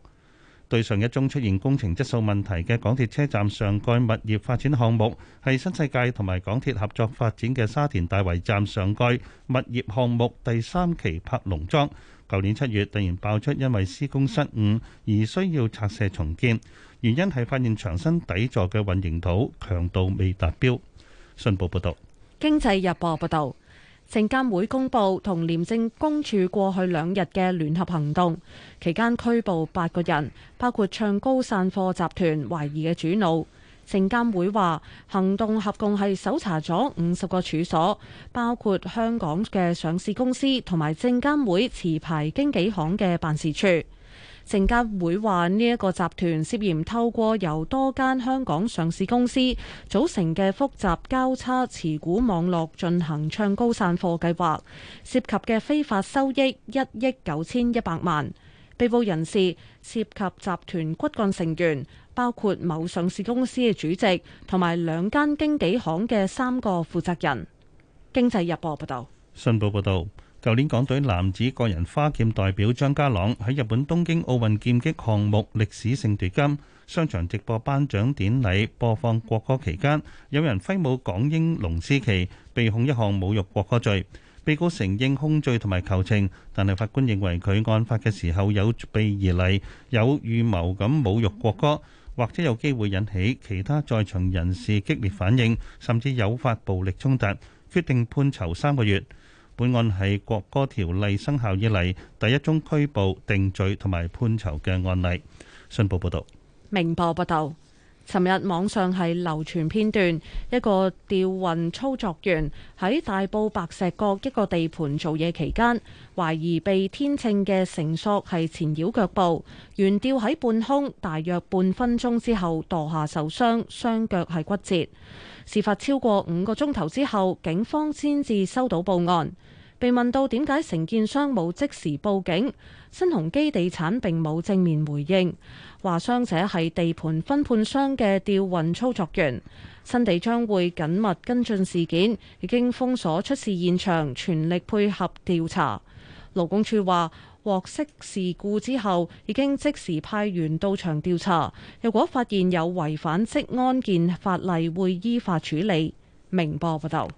對上一宗出現工程質素問題嘅港鐵車站上蓋物業發展項目，係新世界同埋港鐵合作發展嘅沙田大圍站上蓋物業項目第三期柏傲莊，舊年七月突然爆出因為施工失誤而需要拆卸重建，原因係發現牆身底座嘅混凝土強度未達標。信報報道，經濟日報報道。證監會公布同廉政公署，過去兩日嘅聯合行動，期間拘捕八個人，包括唱高散貨集團懷疑嘅主腦。證監會話，行動合共係搜查咗五十個處所，包括香港嘅上市公司同埋證監會持牌經紀行嘅辦事處。證監會話呢一個集團涉嫌透過由多間香港上市公司組成嘅複雜交叉持股網絡進行唱高散貨計劃，涉及嘅非法收益一億九千一百萬。被捕人士涉及集團骨幹成員，包括某上市公司嘅主席，同埋兩間經紀行嘅三個負責人。經濟日報報道，新報報道。舊年港隊男子個人花劍代表張家朗喺日本東京奧運劍擊項目歷史性奪金，商場直播頒獎典禮播放國歌期間，有人揮舞港英龍獅旗，被控一項侮辱國歌罪。被告承認控罪同埋求情，但係法官認為佢案發嘅時候有備而嚟，有預謀咁侮辱國歌，或者有機會引起其他在場人士激烈反應，甚至誘發暴力衝突，決定判囚三個月。本案係國歌條例生效以嚟第一宗拘捕定罪同埋判囚嘅案例。信報報道。明報報道，尋日網上係流傳片段，一個吊運操作員喺大埔白石角一個地盤做嘢期間，懷疑被天秤嘅繩索係纏繞腳部，懸吊喺半空大約半分鐘之後墮下受傷，雙腳係骨折。事發超過五個鐘頭之後，警方先至收到報案。被問到點解承建商冇即時報警，新鴻基地產並冇正面回應，話傷者係地盤分判商嘅調運操作員。新地將會緊密跟進事件，已經封鎖出事現場，全力配合調查。勞工處話：獲悉事故之後，已經即時派員到場調查。若果發現有違反職安健法例，會依法處理。明報報道。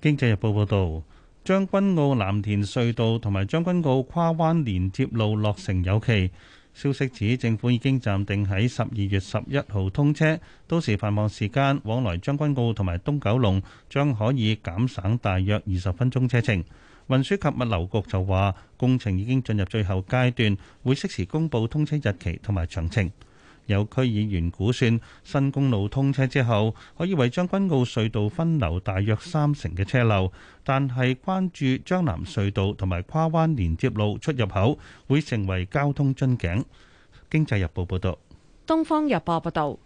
經濟日報報導，將軍澳藍田隧道同埋將軍澳跨灣連接路落成有期。消息指政府已經暫定喺十二月十一號通車，到時繁忙時間往來將軍澳同埋東九龍將可以減省大約二十分鐘車程。運輸及物流局就話，工程已經進入最後階段，會適時公布通車日期同埋詳情。有區議員估算新公路通車之後，可以為將軍澳隧道分流大約三成嘅車流，但係關注將南隧道同埋跨灣連接路出入口會成為交通樽頸。經濟日報報道，東方日報報道，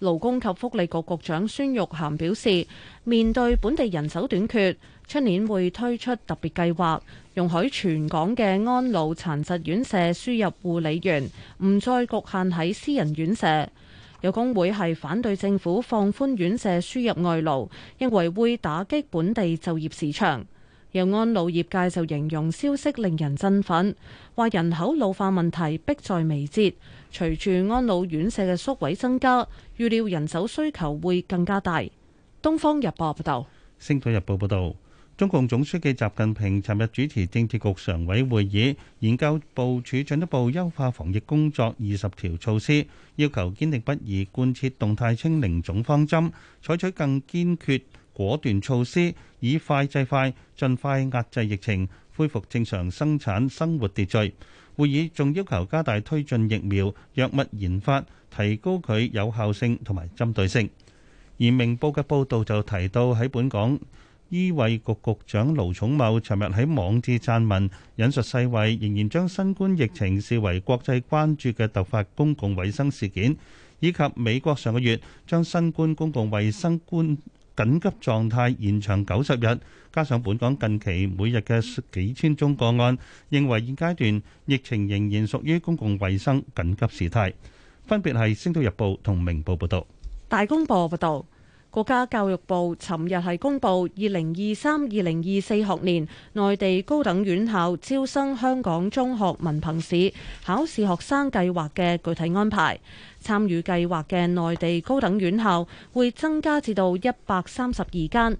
勞工及福利局局長孫玉菡表示，面對本地人手短缺。出年會推出特別計劃，容許全港嘅安老殘疾院舍輸入護理員，唔再局限喺私人院舍。有工會係反對政府放寬院舍輸入外勞，認為會打擊本地就業市場。有安老業界就形容消息令人振奮，話人口老化問題迫在眉睫，隨住安老院舍嘅宿位增加，預料人手需求會更加大。《東方日報》報道，《星島日報》報道。中共總書記習近平尋日主持政治局常委會議，研究部署進一步優化防疫工作二十條措施，要求堅定不移貫徹動態清零總方針，採取更堅決果斷措施，以快制快，盡快壓制疫情，恢復正常生產生活秩序。會議仲要求加大推進疫苗藥物研發，提高佢有效性同埋針對性。而明報嘅報導就提到喺本港。醫衛局局長盧寵茂尋日喺網誌撰文，引述世衛仍然將新冠疫情視為國際關注嘅突發公共衛生事件，以及美國上個月將新冠公共衛生官緊急狀態延長九十日，加上本港近期每日嘅幾千宗個案，認為現階段疫情仍然屬於公共衛生緊急事態。分別係《星島日報》同《明報》報道，大公報報道。國家教育部尋日係公布二零二三、二零二四學年內地高等院校招生香港中學文憑試考試學生計劃嘅具體安排。參與計劃嘅內地高等院校會增加至到一百三十二間。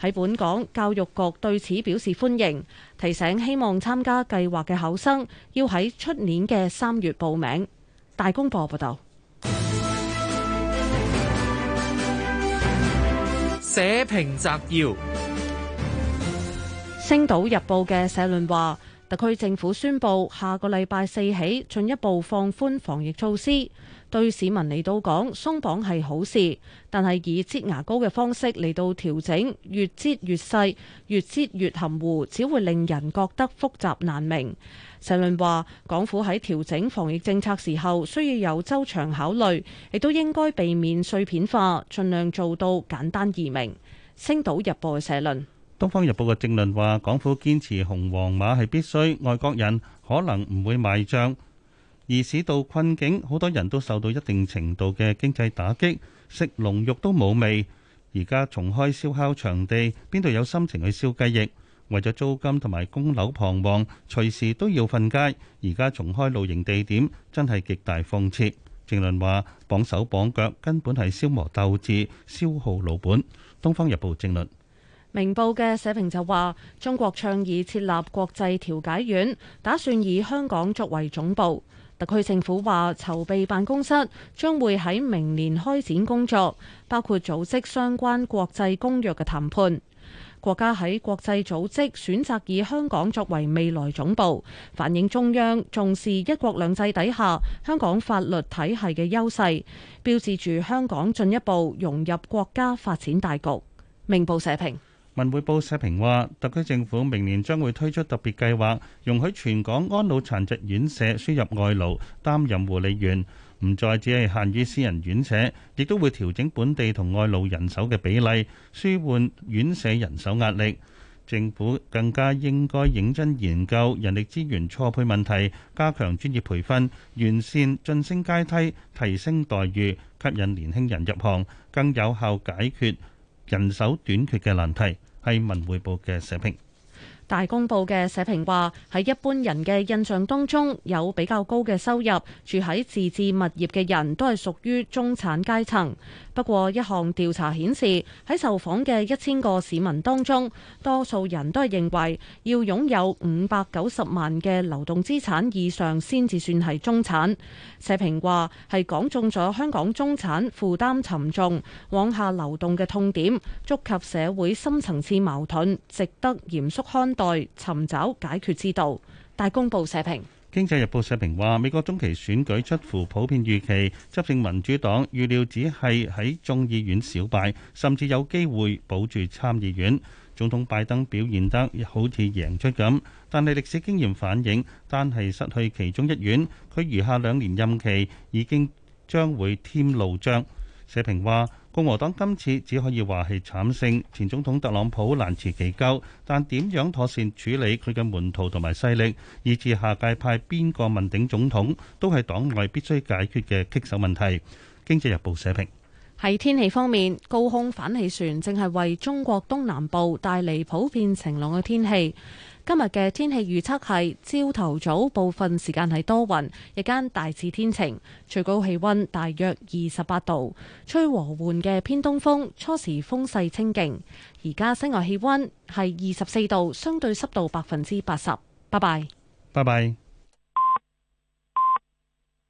喺本港，教育局對此表示歡迎，提醒希望參加計劃嘅考生要喺出年嘅三月報名。大公報報道。社評摘要：《星島日報》嘅社論話，特區政府宣布下個禮拜四起進一步放寬防疫措施，對市民嚟到講鬆綁係好事。但係以擠牙膏嘅方式嚟到調整，越擠越細，越擠越含糊，只會令人覺得複雜難明。社論話，港府喺調整防疫政策時候，需要有周詳考慮，亦都應該避免碎片化，盡量做到簡單易明。星島日報嘅社論。東方日報嘅正論話，港府堅持紅黃碼係必須，外國人可能唔會買賬。而市道困境，好多人都受到一定程度嘅經濟打擊，食龍肉都冇味。而家重開燒烤場地，邊度有心情去燒雞翼？為咗租金同埋供樓彷徨，隨時都要瞓街。而家重開露營地點，真係極大諷刺。政論話綁手綁腳，根本係消磨鬥志、消耗老本。《東方日報》政論。明報嘅社評就話：中國倡議設立國際調解院，打算以香港作為總部。特區政府話籌備辦公室將會喺明年開展工作，包括組織相關國際公約嘅談判。國家喺國際組織選擇以香港作為未來總部，反映中央重視一國兩制底下香港法律體系嘅優勢，標誌住香港進一步融入國家發展大局。明報社評。文匯報社評話，特區政府明年將會推出特別計劃，容許全港安老殘疾院舍輸入外勞，擔任護理員。唔再只係限於私人院舍，亦都會調整本地同外勞人手嘅比例，舒緩院舍人手壓力。政府更加應該認真研究人力資源錯配問題，加強專業培訓，完善晉升階梯，提升待遇，吸引年輕人入行，更有效解決人手短缺嘅難題。係文匯報嘅社評。大公報嘅社評話：喺一般人嘅印象當中，有比較高嘅收入、住喺自置物業嘅人都係屬於中產階層。不過，一項調查顯示，喺受訪嘅一千個市民當中，多數人都係認為要擁有五百九十萬嘅流動資產以上，先至算係中產。社評話：係講中咗香港中產負擔沉重、往下流動嘅痛點，觸及社會深層次矛盾，值得嚴肅看待，尋找解決之道。大公報社評。經濟日報社評話：美國中期選舉出乎普遍預期，執政民主黨預料只係喺眾議院小敗，甚至有機會保住參議院。總統拜登表現得好似贏出咁，但係歷史經驗反映，單係失去其中一院，佢餘下兩年任期已經將會添路障。社評話。共和黨今次只可以話係慘勝，前總統特朗普難辭其咎。但點樣妥善處理佢嘅門徒同埋勢力，以至下屆派邊個問鼎總統，都係黨內必須解決嘅棘手問題。經濟日報社評。喺天氣方面，高空反氣旋正係為中國東南部帶嚟普遍晴朗嘅天氣。今日嘅天氣預測係：朝頭早部分時間係多雲，日間大致天晴，最高氣溫大約二十八度，吹和緩嘅偏東風，初時風勢清勁。而家室外氣溫係二十四度，相對濕度百分之八十。拜拜。拜拜。